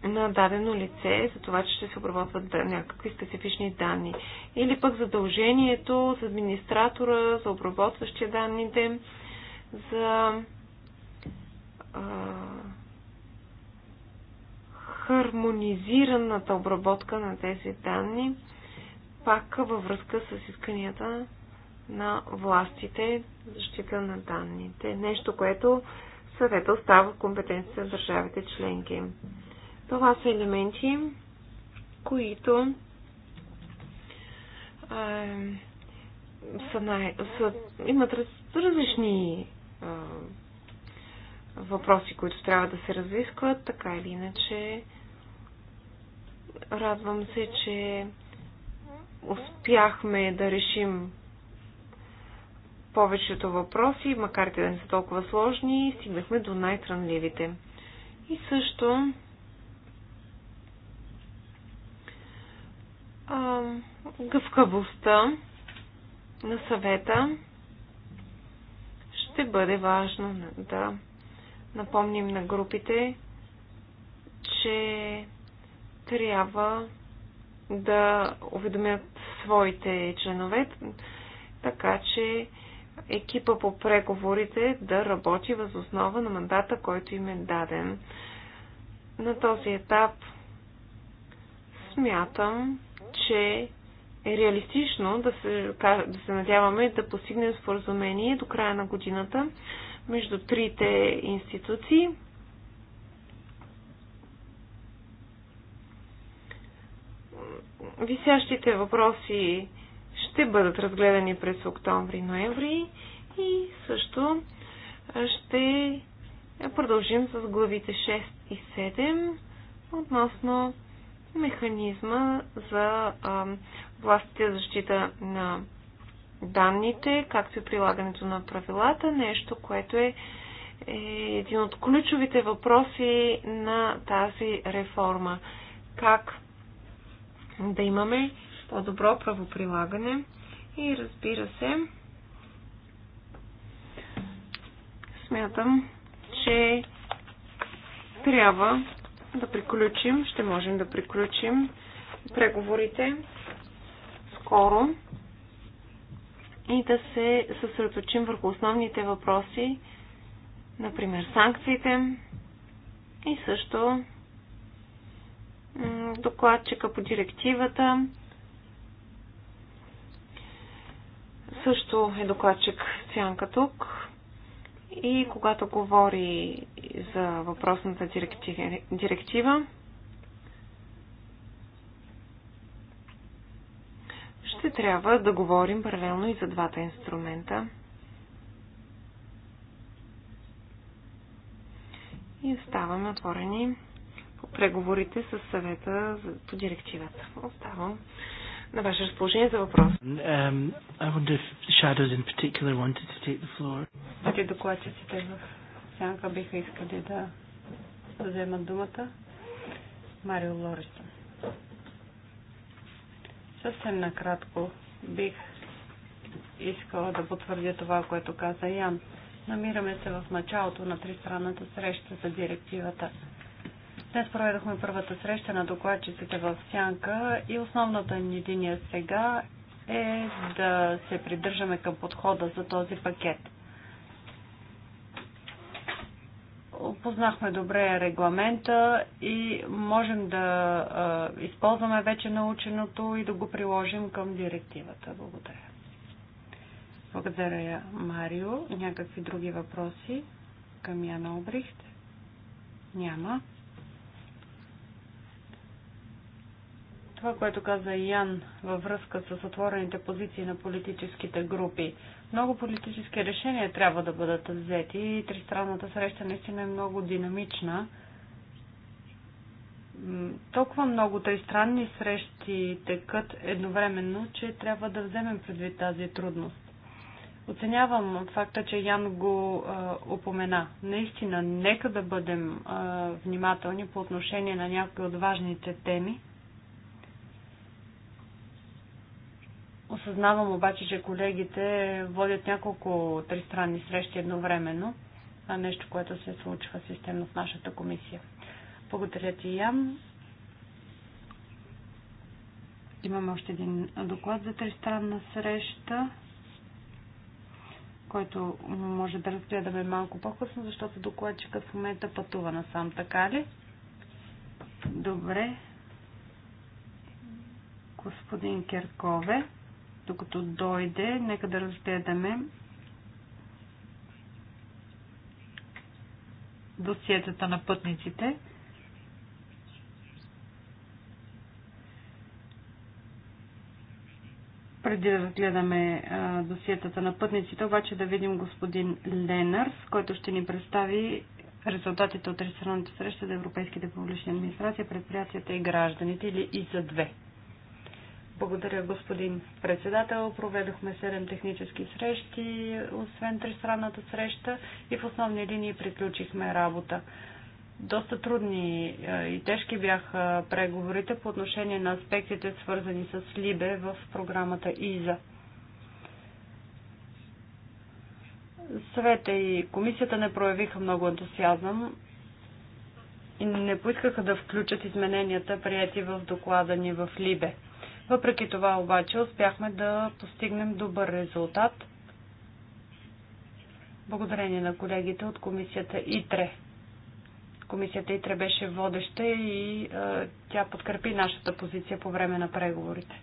на дадено лице за това, че ще се обработват някакви специфични данни. Или пък задължението за администратора, за обработващия данните, за а, хармонизираната обработка на тези данни пак във връзка с исканията на властите защита на данните. Нещо, което съвета остава в компетенция на държавите членки. Това са елементи, които е, са най, са, имат раз, различни е, въпроси, които трябва да се разискват, така или иначе. Радвам се, че успяхме да решим повечето въпроси, макар те да не са толкова сложни, стигнахме до най-трънливите. И също а, гъвкавостта на съвета ще бъде важно да напомним на групите, че трябва да уведомят своите членове, така че екипа по преговорите да работи въз основа на мандата, който им е даден. На този етап смятам, че е реалистично да се, да се надяваме да постигнем споразумение до края на годината между трите институции висящите въпроси ще бъдат разгледани през октомври-ноември и също ще продължим с главите 6 и 7 относно механизма за а, властите защита на данните, както и прилагането на правилата, нещо, което е, е един от ключовите въпроси на тази реформа. Как да имаме по-добро правоприлагане и разбира се, смятам, че трябва да приключим, ще можем да приключим преговорите скоро и да се съсредоточим върху основните въпроси, например санкциите и също докладчика по директивата. Също е докладчик Сянка тук. И когато говори за въпросната директива, ще трябва да говорим паралелно и за двата инструмента. И оставаме отворени преговорите с съвета по директивата. Оставам на ваше разположение за въпрос. Um, значи докладчиците в сянка биха искали да, вземат думата. Марио Лористън. Съвсем накратко бих искала да потвърдя това, което каза Ян. Намираме се в началото на тристранната среща за директивата – Днес проведохме първата среща на докладчиците в Сянка и основната ни линия сега е да се придържаме към подхода за този пакет. Познахме добре регламента и можем да използваме вече наученото и да го приложим към директивата. Благодаря. Благодаря, Марио. Някакви други въпроси към Яна Обрихт? Няма. Това, което каза Ян във връзка с отворените позиции на политическите групи. Много политически решения трябва да бъдат взети и тристранната среща наистина е много динамична. Толкова много тристранни срещи текат едновременно, че трябва да вземем предвид тази трудност. Оценявам факта, че Ян го а, упомена. Наистина, нека да бъдем а, внимателни по отношение на някои от важните теми Осъзнавам обаче, че колегите водят няколко тристранни срещи едновременно, а е нещо, което се случва системно в нашата комисия. Благодаря ти, Ян. Имаме още един доклад за тристранна среща, който може да разгледаме малко по-късно, защото докладчикът в момента пътува насам, така ли? Добре. Господин Керкове докато дойде. Нека да разгледаме досиетата на пътниците. преди да разгледаме досиетата на пътниците, обаче да видим господин Ленърс, който ще ни представи резултатите от тристранната среща за европейските публични администрации, предприятията и гражданите или и за две. Благодаря, господин председател. Проведохме 7 технически срещи, освен тристранната среща и в основни линии приключихме работа. Доста трудни е, и тежки бяха преговорите по отношение на аспектите, свързани с Либе в програмата ИЗА. Съвета и комисията не проявиха много ентусиазъм и не поискаха да включат измененията, прияти в доклада ни в Либе. Въпреки това обаче успяхме да постигнем добър резултат благодарение на колегите от комисията ИТРЕ. Комисията ИТРЕ беше водеща и е, тя подкрепи нашата позиция по време на преговорите.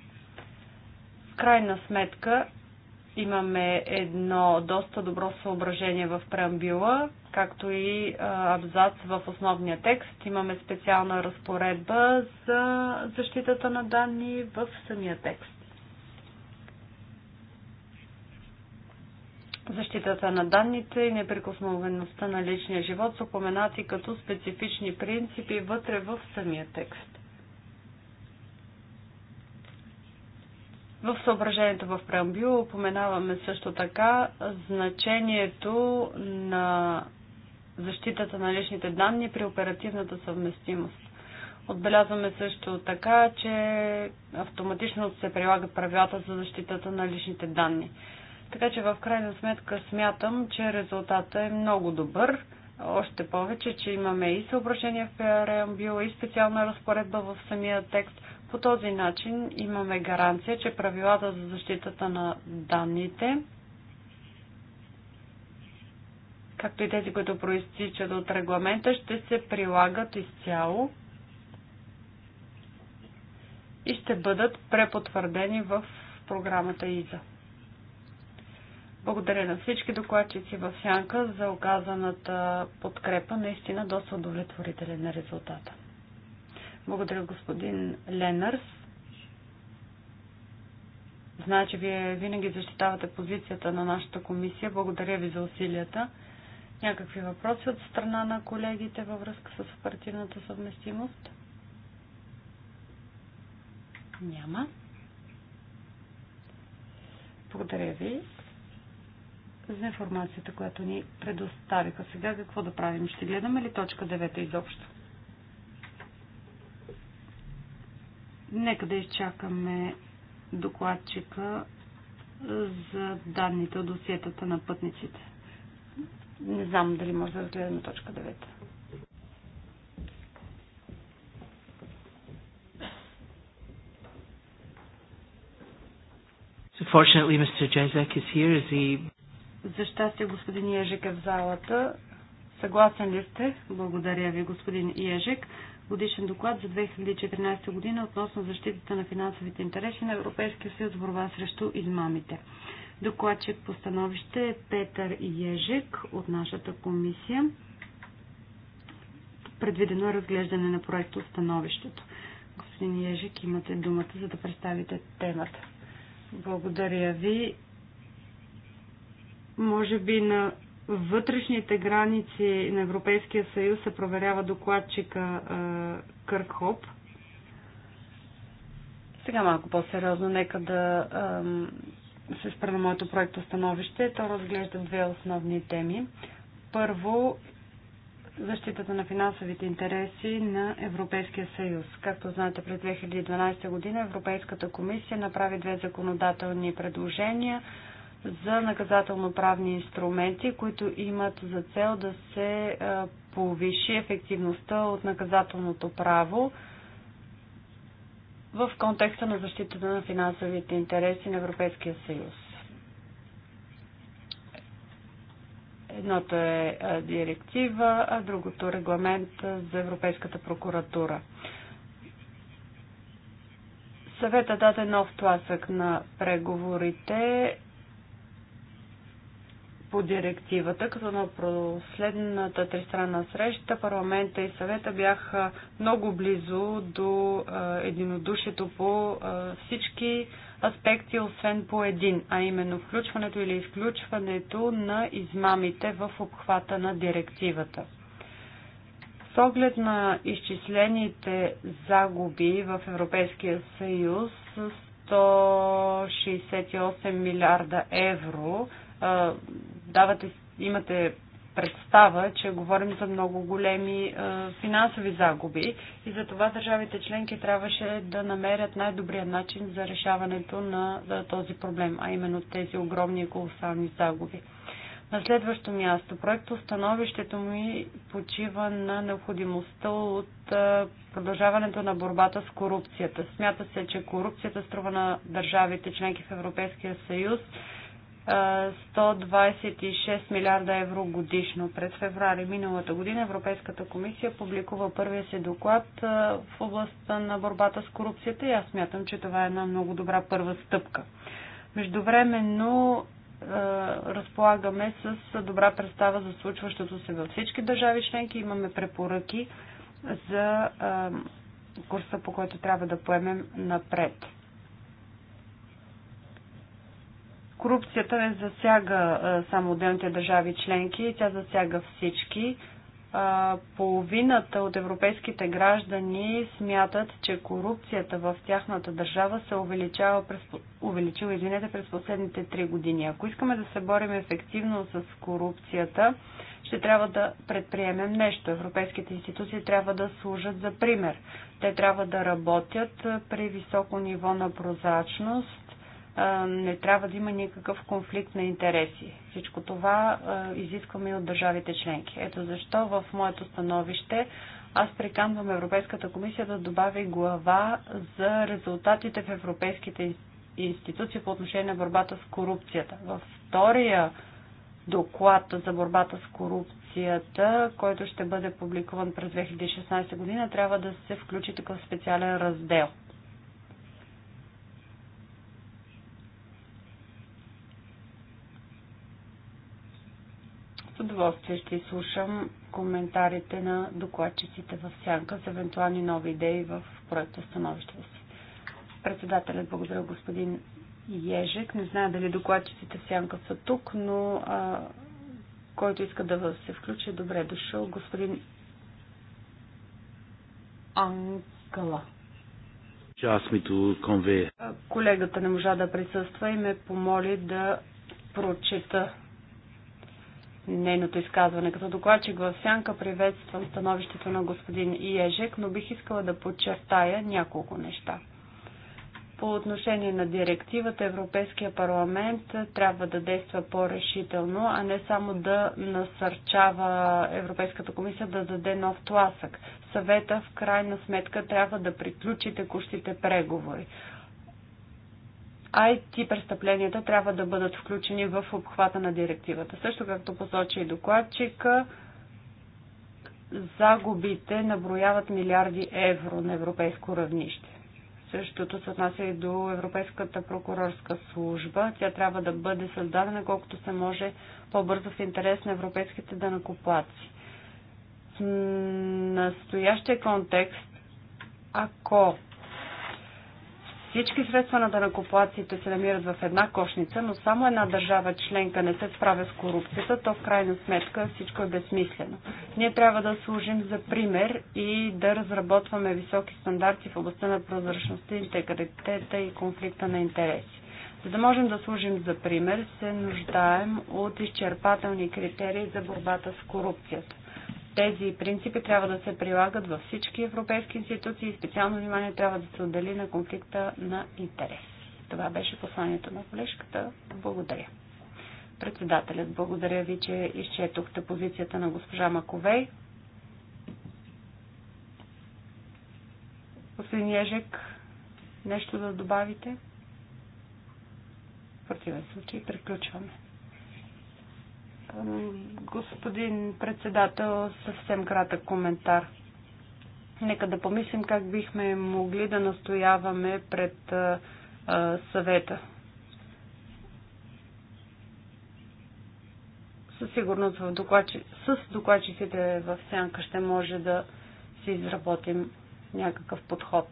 В крайна сметка имаме едно доста добро съображение в преамбюла, както и абзац в основния текст. Имаме специална разпоредба за защитата на данни в самия текст. Защитата на данните и неприкосновеността на личния живот са упоменати като специфични принципи вътре в самия текст. В съображението в преамбюл упоменаваме също така значението на защитата на личните данни при оперативната съвместимост. Отбелязваме също така, че автоматично се прилагат правилата за защитата на личните данни. Така че в крайна сметка смятам, че резултатът е много добър. Още повече, че имаме и съображение в преамбюла, и специална разпоредба в самия текст, по този начин имаме гаранция, че правилата за защитата на данните, както и тези, които проистичат от регламента, ще се прилагат изцяло и ще бъдат препотвърдени в програмата ИЗА. Благодаря на всички докладчици в Сянка за оказаната подкрепа. Наистина доста удовлетворителен на е резултата. Благодаря, господин Ленърс. Знае, че вие винаги защитавате позицията на нашата комисия. Благодаря ви за усилията. Някакви въпроси от страна на колегите във връзка с оперативната съвместимост? Няма. Благодаря ви за информацията, която ни предоставиха. Сега какво да правим? Ще гледаме ли точка 9 изобщо? Нека да изчакаме докладчика за данните от досиетата на пътниците. Не знам дали може да разгледаме точка 9. Fortunately, Mr. Jezek is here. Is he... За щастие, господин Ежек е в залата. Съгласен ли сте? Благодаря ви, господин Ежек годишен доклад за 2014 година относно защитата на финансовите интереси на Европейския съюз в борба срещу измамите. Докладчик по становище е Петър Ежек от нашата комисия. Предвидено е разглеждане на проекта от становището. Господин Ежек, имате думата, за да представите темата. Благодаря ви. Може би на вътрешните граници на Европейския съюз се проверява докладчика е, Кърк Хоп. Сега малко по-сериозно, нека да се спра на моето проекто становище. То разглежда две основни теми. Първо, защитата на финансовите интереси на Европейския съюз. Както знаете, през 2012 година Европейската комисия направи две законодателни предложения – за наказателно-правни инструменти, които имат за цел да се повиши ефективността от наказателното право в контекста на защитата на финансовите интереси на Европейския съюз. Едното е директива, а другото е регламент за Европейската прокуратура. Съвета даде нов тласък на преговорите по директивата, като на последната тристранна среща парламента и съвета бяха много близо до единодушието по всички аспекти, освен по един, а именно включването или изключването на измамите в обхвата на директивата. С оглед на изчислените загуби в Европейския съюз 168 милиарда евро, давате, имате представа, че говорим за много големи е, финансови загуби и за това държавите членки трябваше да намерят най-добрия начин за решаването на този проблем, а именно тези огромни и колосални загуби. На следващо място, проекто становището ми почива на необходимостта от е, продължаването на борбата с корупцията. Смята се, че корупцията струва на държавите членки в Европейския съюз 126 милиарда евро годишно. През феврари миналата година Европейската комисия публикува първия си доклад в областта на борбата с корупцията и аз смятам, че това е една много добра първа стъпка. Междувременно разполагаме с добра представа за случващото се във всички държави членки. Имаме препоръки за курса, по който трябва да поемем напред. корупцията не засяга само отделните държави членки, тя засяга всички. Половината от европейските граждани смятат, че корупцията в тяхната държава се увеличава през, увеличила извинете, през последните три години. Ако искаме да се борим ефективно с корупцията, ще трябва да предприемем нещо. Европейските институции трябва да служат за пример. Те трябва да работят при високо ниво на прозрачност, не трябва да има никакъв конфликт на интереси. Всичко това изискваме и от държавите членки. Ето защо в моето становище аз приканвам Европейската комисия да добави глава за резултатите в европейските институции по отношение на борбата с корупцията. Във втория доклад за борбата с корупцията, който ще бъде публикуван през 2016 година, трябва да се включи такъв специален раздел – С удоволствие ще слушам коментарите на докладчиците в сянка за евентуални нови идеи в проекта становището си. Председателят благодаря господин Ежек. Не знае дали докладчиците в сянка са тук, но а, който иска да се включи, е добре дошъл. Господин Анкала. Колегата не можа да присъства и ме помоли да прочета нейното изказване. Като докладчик в Сянка приветствам становището на господин Иежек, но бих искала да подчертая няколко неща. По отношение на директивата, Европейския парламент трябва да действа по-решително, а не само да насърчава Европейската комисия да даде нов тласък. Съвета в крайна сметка трябва да приключи текущите преговори. IT престъпленията трябва да бъдат включени в обхвата на директивата. Също както посочи и докладчика, загубите наброяват милиарди евро на европейско равнище. Същото се отнася и до Европейската прокурорска служба. Тя трябва да бъде създадена колкото се може по-бързо в интерес на европейските данакоплаци. В настоящия контекст, ако всички средства на данакоплаците се намират в една кошница, но само една държава членка не се справя с корупцията, то в крайна сметка всичко е безсмислено. Ние трябва да служим за пример и да разработваме високи стандарти в областта на прозрачността, интегритета и конфликта на интереси. За да можем да служим за пример, се нуждаем от изчерпателни критерии за борбата с корупцията. Тези принципи трябва да се прилагат във всички европейски институции и специално внимание трябва да се отдели на конфликта на интерес. Това беше посланието на колежката. Благодаря. Председателят, благодаря ви, че изчетохте позицията на госпожа Маковей. Господин Ежек, нещо да добавите? В противен случай приключваме. Господин председател, съвсем кратък коментар. Нека да помислим как бихме могли да настояваме пред съвета. Със сигурност в докладчи... с докладчиците в сянка ще може да си изработим някакъв подход.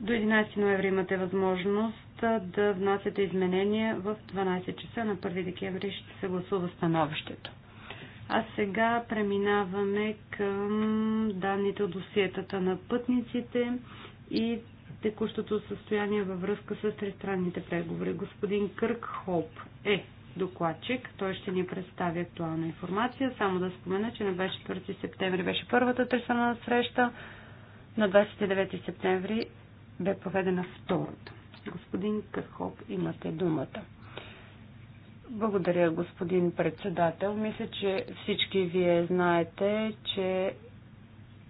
До 11 ноември имате възможност да внасяте изменения в 12 часа на 1 декември ще се гласува становището. А сега преминаваме към данните от досиетата на пътниците и текущото състояние във връзка с тристранните преговори. Господин Кърк Хоп е докладчик. Той ще ни представи актуална информация. Само да спомена, че на 24 септември беше първата тристранна среща. На 29 септември бе проведена втората. Господин Кърхов, имате думата. Благодаря, господин председател. Мисля, че всички вие знаете, че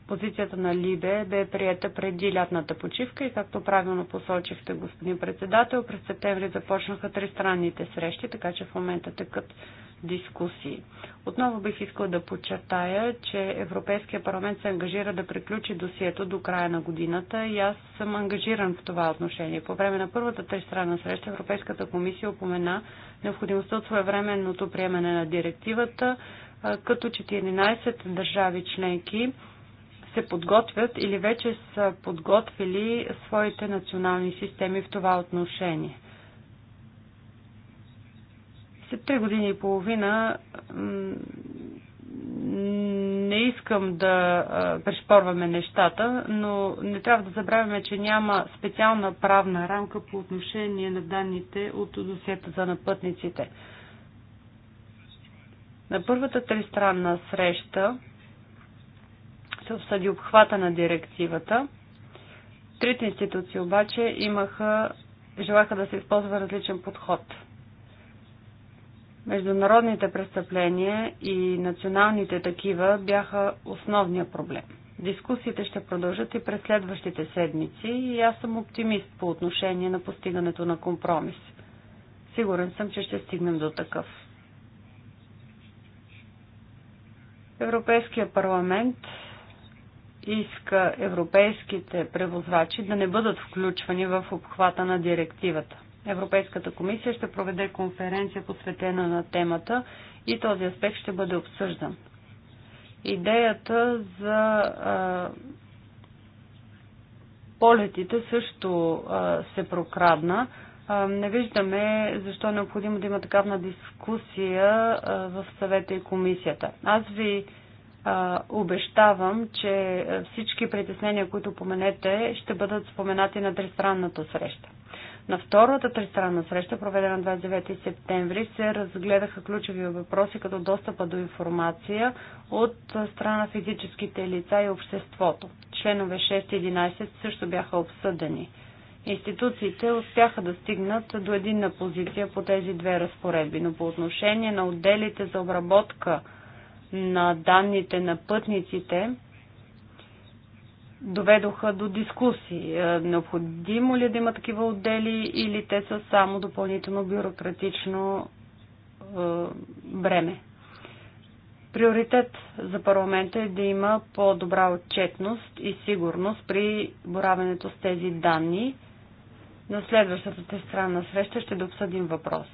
позицията на Либе бе прията преди лятната почивка и както правилно посочихте, господин председател, през септември започнаха тристранните срещи, така че в момента тъкът дискусии. Отново бих искал да подчертая, че Европейския парламент се ангажира да приключи досието до края на годината и аз съм ангажиран в това отношение. По време на първата тристранна среща Европейската комисия опомена необходимостта от своевременното приемане на директивата, като 14 държави членки се подготвят или вече са подготвили своите национални системи в това отношение – след три години и половина не искам да пришпорваме нещата, но не трябва да забравяме, че няма специална правна рамка по отношение на данните от досиета за напътниците. На първата тристранна среща се обсъди обхвата на директивата. Трите институции обаче имаха, желаха да се използва различен подход – Международните престъпления и националните такива бяха основния проблем. Дискусиите ще продължат и през следващите седмици и аз съм оптимист по отношение на постигането на компромис. Сигурен съм, че ще стигнем до такъв. Европейския парламент иска европейските превозвачи да не бъдат включвани в обхвата на директивата. Европейската комисия ще проведе конференция посветена на темата и този аспект ще бъде обсъждан. Идеята за а, полетите също а, се прокрадна. А, не виждаме защо е необходимо да има такава дискусия а, в съвета и комисията. Аз ви а, обещавам, че всички притеснения, които поменете, ще бъдат споменати на тристранната среща. На втората тристранна среща, проведена 29 септември, се разгледаха ключови въпроси като достъпа до информация от страна физическите лица и обществото. Членове 6 и 11 също бяха обсъдени. Институциите успяха да стигнат до единна позиция по тези две разпоредби, но по отношение на отделите за обработка на данните на пътниците, доведоха до дискусии. Е, необходимо ли е да има такива отдели или те са само допълнително бюрократично е, бреме? Приоритет за парламента е да има по-добра отчетност и сигурност при боравенето с тези данни. На следващата страна среща ще да обсъдим въпрос.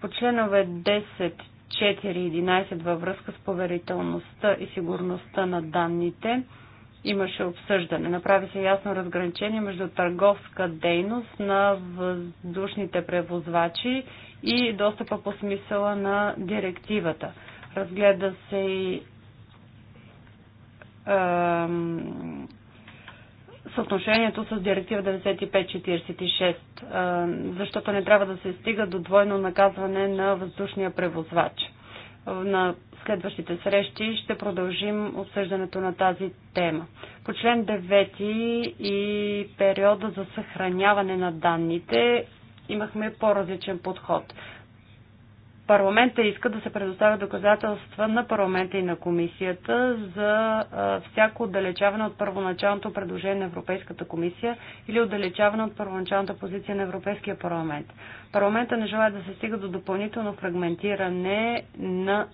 По членове 10, 4 и 11 във връзка с поверителността и сигурността на данните – имаше обсъждане. Направи се ясно разграничение между търговска дейност на въздушните превозвачи и достъпа по смисъла на директивата. Разгледа се и съотношението с директива 9546, защото не трябва да се стига до двойно наказване на въздушния превозвач на следващите срещи ще продължим обсъждането на тази тема. По член 9 и периода за съхраняване на данните имахме по-различен подход. Парламента иска да се предоставят доказателства на парламента и на комисията за всяко отдалечаване от първоначалното предложение на Европейската комисия или отдалечаване от първоначалната позиция на Европейския парламент. Парламента не желая да се стига до допълнително фрагментиране на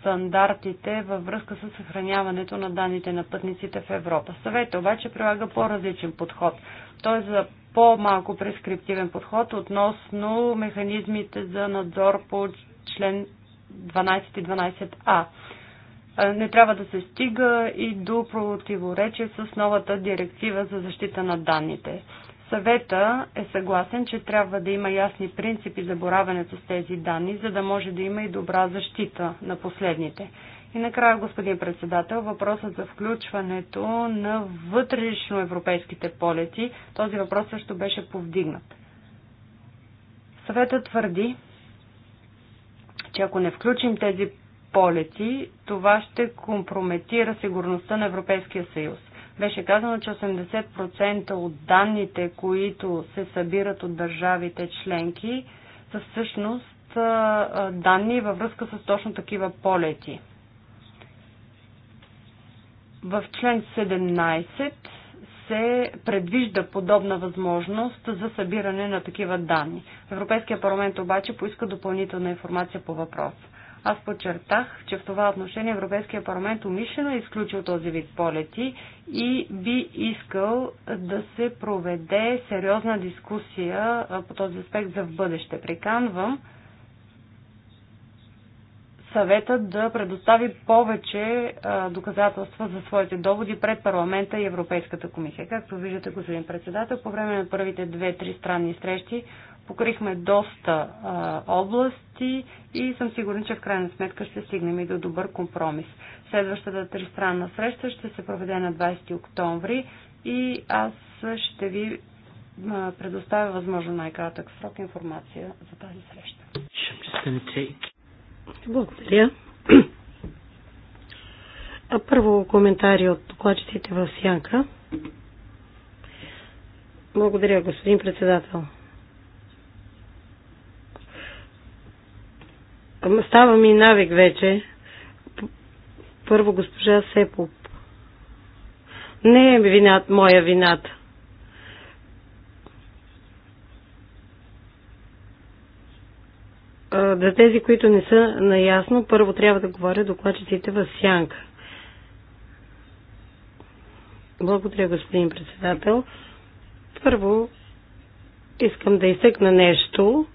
стандартите във връзка с съхраняването на данните на пътниците в Европа. Съвета обаче прилага по-различен подход. Той е за по-малко прескриптивен подход относно механизмите за надзор по член 12 и 12а. Е, не трябва да се стига и до противоречие с новата директива за защита на данните. Съвета е съгласен, че трябва да има ясни принципи за боравенето с тези данни, за да може да има и добра защита на последните. И накрая, господин председател, въпросът за включването на вътрешно европейските полети, този въпрос също беше повдигнат. Съветът твърди, че ако не включим тези полети, това ще компрометира сигурността на Европейския съюз. Беше казано, че 80% от данните, които се събират от държавите членки, са всъщност данни във връзка с точно такива полети. В член 17 се предвижда подобна възможност за събиране на такива данни. Европейския парламент обаче поиска допълнителна информация по въпрос. Аз подчертах, че в това отношение Европейския парламент умишлено е изключил този вид полети и би искал да се проведе сериозна дискусия по този аспект за в бъдеще. Приканвам съветът да предостави повече доказателства за своите доводи пред парламента и Европейската комисия. Както виждате, господин председател, по време на първите две-три странни срещи покрихме доста области и съм сигурен, че в крайна сметка ще стигнем и до добър компромис. Следващата тристранна среща ще се проведе на 20 октомври и аз ще ви предоставя възможно най-кратък срок информация за тази среща. Благодаря. А първо коментари от докладчиците в Сянка. Благодаря, господин председател. Става ми навик вече. Първо госпожа Сепоп. Не е вината, моя вината. за тези, които не са наясно, първо трябва да говоря докладчиците в сянка. Благодаря, господин председател. Първо, искам да изтъкна нещо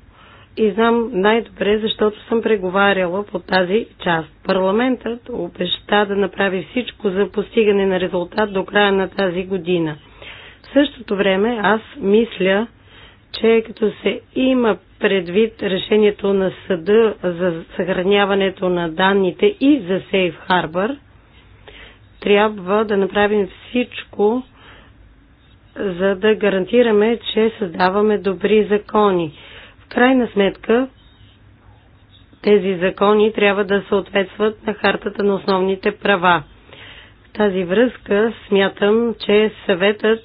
и знам най-добре, защото съм преговаряла по тази част. Парламентът обеща да направи всичко за постигане на резултат до края на тази година. В същото време аз мисля, че като се има предвид решението на съда за съхраняването на данните и за Safe Harbor, трябва да направим всичко, за да гарантираме, че създаваме добри закони. В крайна сметка, тези закони трябва да съответстват на хартата на основните права. В тази връзка смятам, че съветът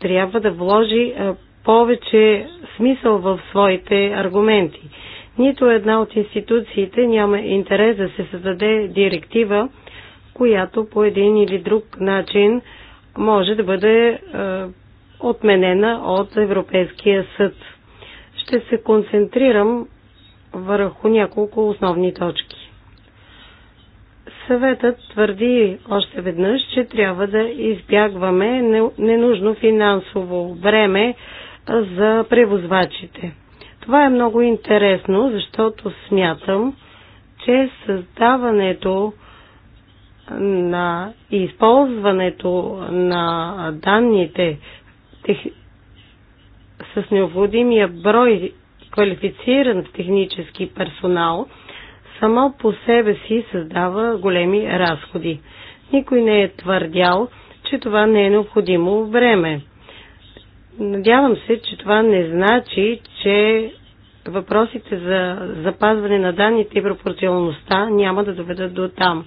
трябва да вложи повече смисъл в своите аргументи. Нито една от институциите няма интерес да се създаде директива, която по един или друг начин може да бъде е, отменена от Европейския съд. Ще се концентрирам върху няколко основни точки. Съветът твърди още веднъж, че трябва да избягваме ненужно финансово време за превозвачите. Това е много интересно, защото смятам, че създаването на използването на данните тех... с необходимия брой квалифициран технически персонал само по себе си създава големи разходи. Никой не е твърдял, че това не е необходимо време. Надявам се, че това не значи, че въпросите за запазване на данните и пропорционалността няма да доведат до там.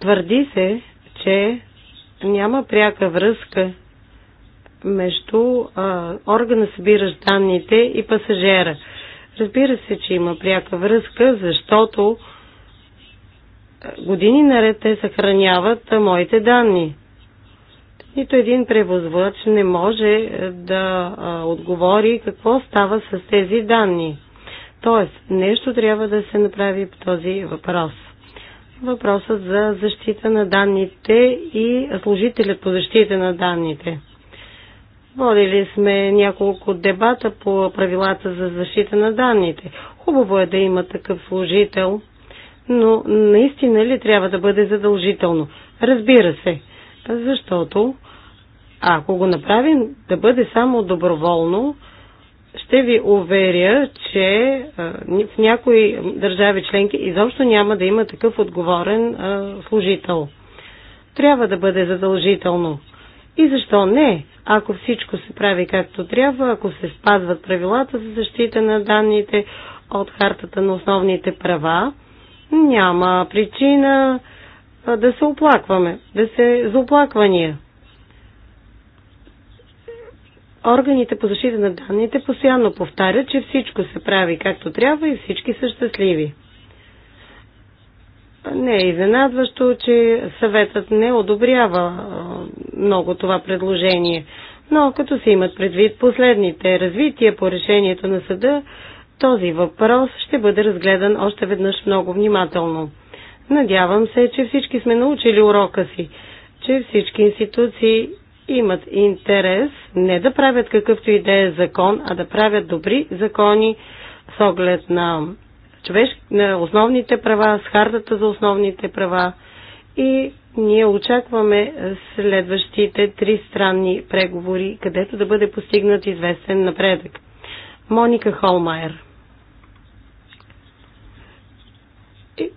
Твърди се, че няма пряка връзка между а, органа събираш данните и пасажера. Разбира се, че има пряка връзка, защото години наред те съхраняват моите данни. Нито един превозвач не може е, да отговори какво става с тези данни. Тоест, нещо трябва да се направи по този въпрос. Въпросът за защита на данните и служителят по защита на данните. Водили сме няколко дебата по правилата за защита на данните. Хубаво е да има такъв служител, но наистина ли трябва да бъде задължително? Разбира се, защото ако го направим да бъде само доброволно, ще ви уверя, че в някои държави членки изобщо няма да има такъв отговорен служител. Трябва да бъде задължително. И защо не? Ако всичко се прави както трябва, ако се спазват правилата за защита на данните от хартата на основните права, няма причина да се оплакваме, да се за оплаквания. Органите по защита на данните постоянно повтарят, че всичко се прави както трябва и всички са щастливи. Не е изненадващо, че съветът не одобрява много това предложение, но като се имат предвид последните развития по решението на съда, този въпрос ще бъде разгледан още веднъж много внимателно. Надявам се, че всички сме научили урока си, че всички институции имат интерес не да правят какъвто и да е закон, а да правят добри закони с оглед на, човеш... на основните права, с хартата за основните права и ние очакваме следващите три странни преговори, където да бъде постигнат известен напредък. Моника Холмайер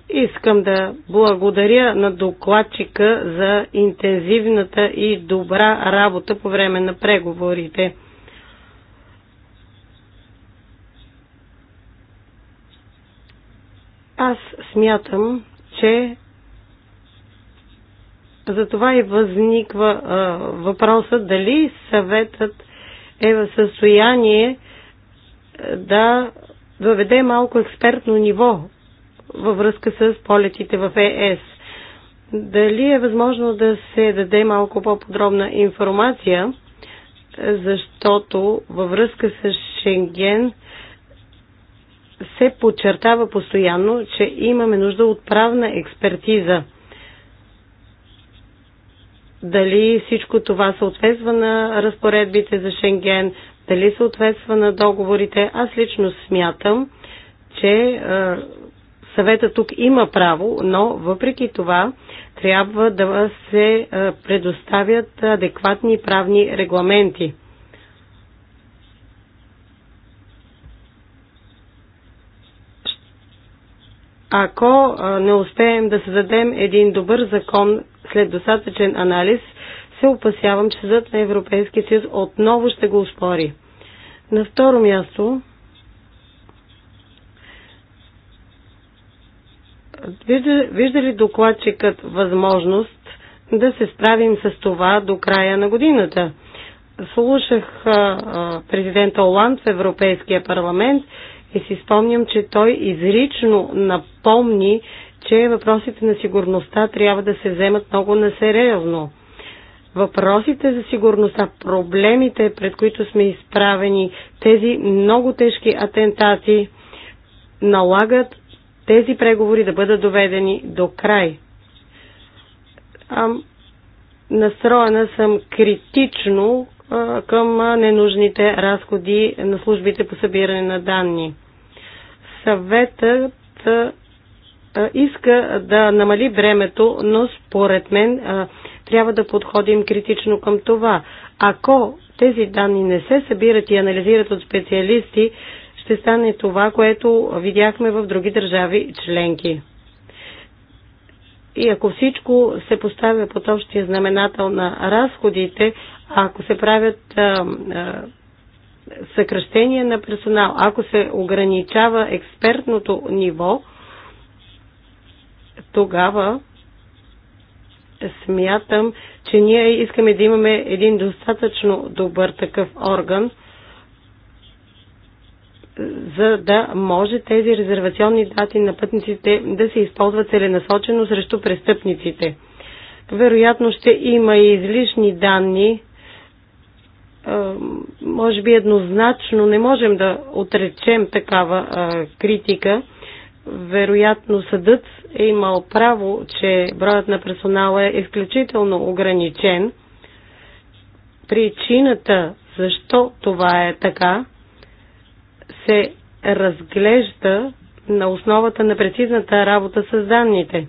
Искам да благодаря на докладчика за интензивната и добра работа по време на преговорите. Аз смятам, че за това и възниква а, въпроса дали съветът е в състояние да въведе малко експертно ниво във връзка с полетите в ЕС. Дали е възможно да се даде малко по-подробна информация, защото във връзка с Шенген се подчертава постоянно, че имаме нужда от правна експертиза. Дали всичко това съответства на разпоредбите за Шенген, дали съответства на договорите, аз лично смятам, че Съвета тук има право, но въпреки това трябва да се е, предоставят адекватни правни регламенти. Ако е, не успеем да създадем един добър закон след достатъчен анализ, се опасявам, че съдът на Европейския съюз отново ще го успори. На второ място, Вижда, вижда ли докладчикът възможност да се справим с това до края на годината? Слушах президента Оланд в Европейския парламент и си спомням, че той изрично напомни, че въпросите на сигурността трябва да се вземат много насериозно. Въпросите за сигурността, проблемите, пред които сме изправени, тези много тежки атентати налагат тези преговори да бъдат доведени до край. А, настроена съм критично а, към ненужните разходи на службите по събиране на данни. Съветът а, иска да намали времето, но според мен а, трябва да подходим критично към това. Ако тези данни не се събират и анализират от специалисти, ще стане това, което видяхме в други държави членки. И ако всичко се поставя под общия знаменател на разходите, ако се правят а, а, съкръщения на персонал, ако се ограничава експертното ниво, тогава смятам, че ние искаме да имаме един достатъчно добър такъв орган – за да може тези резервационни дати на пътниците да се използват целенасочено срещу престъпниците. Вероятно ще има и излишни данни. Може би еднозначно не можем да отречем такава критика. Вероятно съдът е имал право, че броят на персонала е изключително ограничен. Причината защо това е така се разглежда на основата на прецизната работа с данните.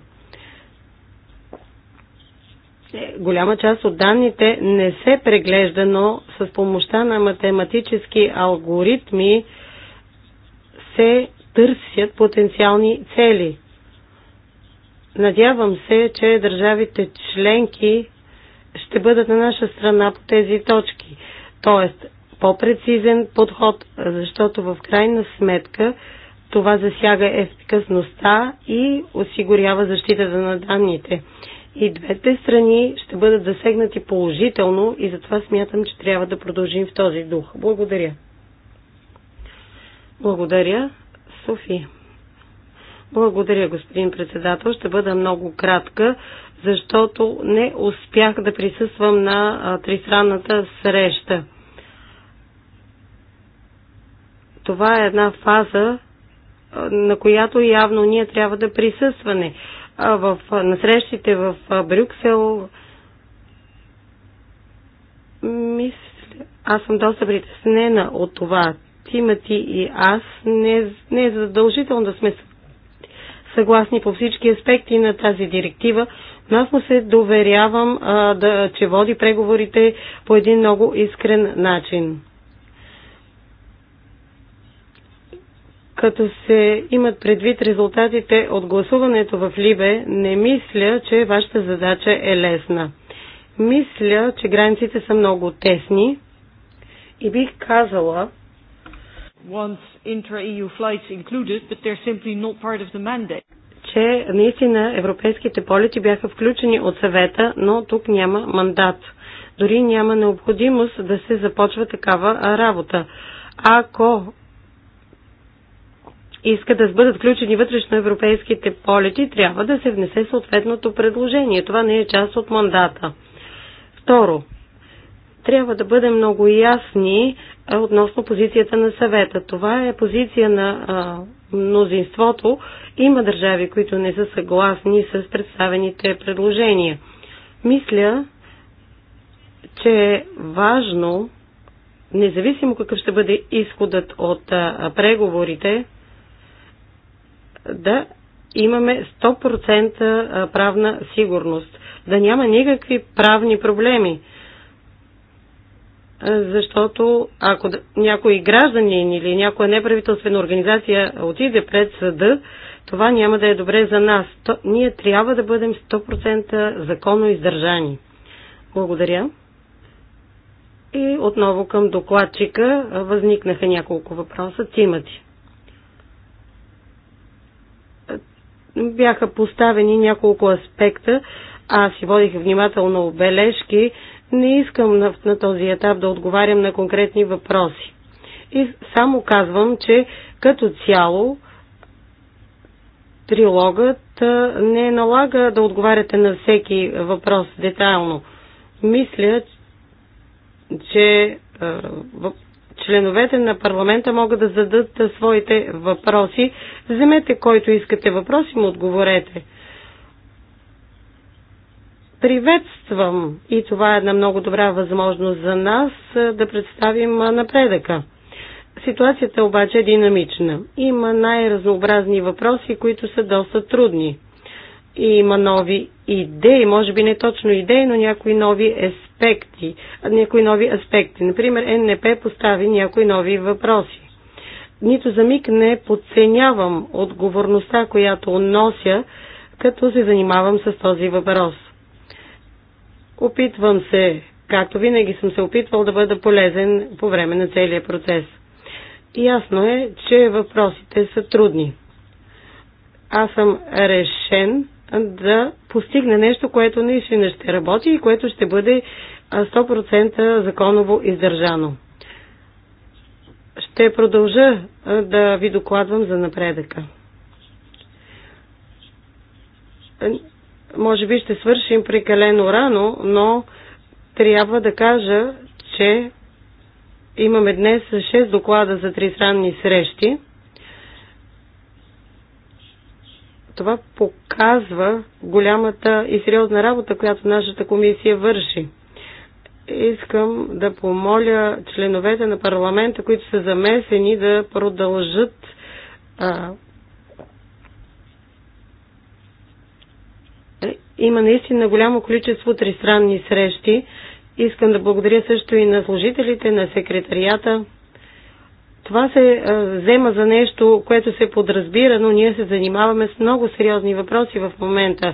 Е, голяма част от данните не се преглежда, но с помощта на математически алгоритми се търсят потенциални цели. Надявам се, че държавите членки ще бъдат на наша страна по тези точки. Тоест, по-прецизен подход, защото в крайна сметка това засяга ефикасността и осигурява защитата на данните. И двете страни ще бъдат засегнати положително и затова смятам, че трябва да продължим в този дух. Благодаря. Благодаря, Софи. Благодаря, господин председател. Ще бъда много кратка, защото не успях да присъствам на тристранната среща. Това е една фаза, на която явно ние трябва да присъстваме. В, на срещите в Брюксел мисля, аз съм доста притеснена от това. Тимати и аз не, не е задължително да сме съгласни по всички аспекти на тази директива, но аз му се доверявам, а, да, че води преговорите по един много искрен начин. Като се имат предвид резултатите от гласуването в Либе, не мисля, че вашата задача е лесна. Мисля, че границите са много тесни и бих казала, Че наистина европейските полети бяха включени от съвета, но тук няма мандат. Дори няма необходимост да се започва такава работа. Ако иска да бъдат включени вътрешно европейските полети, трябва да се внесе съответното предложение. Това не е част от мандата. Второ, трябва да бъдем много ясни относно позицията на съвета. Това е позиция на а, мнозинството. Има държави, които не са съгласни с представените предложения. Мисля, че е важно, независимо какъв ще бъде изходът от а, преговорите, да имаме 100% правна сигурност, да няма никакви правни проблеми. Защото ако някой гражданин или някоя неправителствена организация отиде пред съда, това няма да е добре за нас. То, ние трябва да бъдем 100% законно издържани. Благодаря. И отново към докладчика възникнаха няколко въпроса. Тимати. бяха поставени няколко аспекта. Аз си водих внимателно бележки. Не искам на, на този етап да отговарям на конкретни въпроси. И само казвам, че като цяло трилогът не налага да отговаряте на всеки въпрос детайлно. Мисля, че Членовете на парламента могат да зададат своите въпроси. Вземете който искате въпроси, му отговорете. Приветствам и това е една много добра възможност за нас да представим напредъка. Ситуацията обаче е динамична. Има най-разнообразни въпроси, които са доста трудни. И има нови идеи, може би не точно идеи, но някои нови аспекти, някои нови аспекти. Например, ННП постави някои нови въпроси. Нито за миг не подценявам отговорността, която нося, като се занимавам с този въпрос. Опитвам се, както винаги съм се опитвал да бъда полезен по време на целия процес. Ясно е, че въпросите са трудни. Аз съм решен да постигне нещо, което наистина ще работи и което ще бъде 100% законово издържано. Ще продължа да ви докладвам за напредъка. Може би ще свършим прекалено рано, но трябва да кажа, че имаме днес 6 доклада за тристранни срещи. Това показва голямата и сериозна работа, която нашата комисия върши. Искам да помоля членовете на парламента, които са замесени, да продължат а, е, има наистина голямо количество тристранни срещи. Искам да благодаря също и на служителите на секретарията, това се взема за нещо, което се подразбира, но ние се занимаваме с много сериозни въпроси в момента.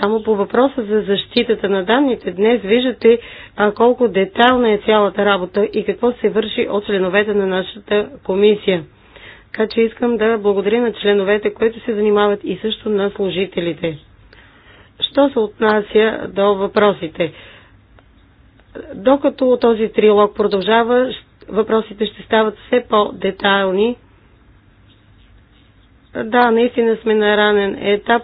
Само по въпроса за защитата на данните днес виждате а, колко детална е цялата работа и какво се върши от членовете на нашата комисия. Така че искам да благодаря на членовете, които се занимават и също на служителите. Що се отнася до въпросите? Докато този трилог продължава, въпросите ще стават все по-детайлни. Да, наистина сме на ранен етап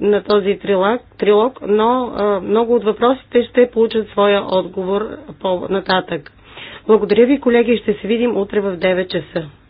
на този трилог, трилог но а, много от въпросите ще получат своя отговор по-нататък. Благодаря ви, колеги, ще се видим утре в 9 часа.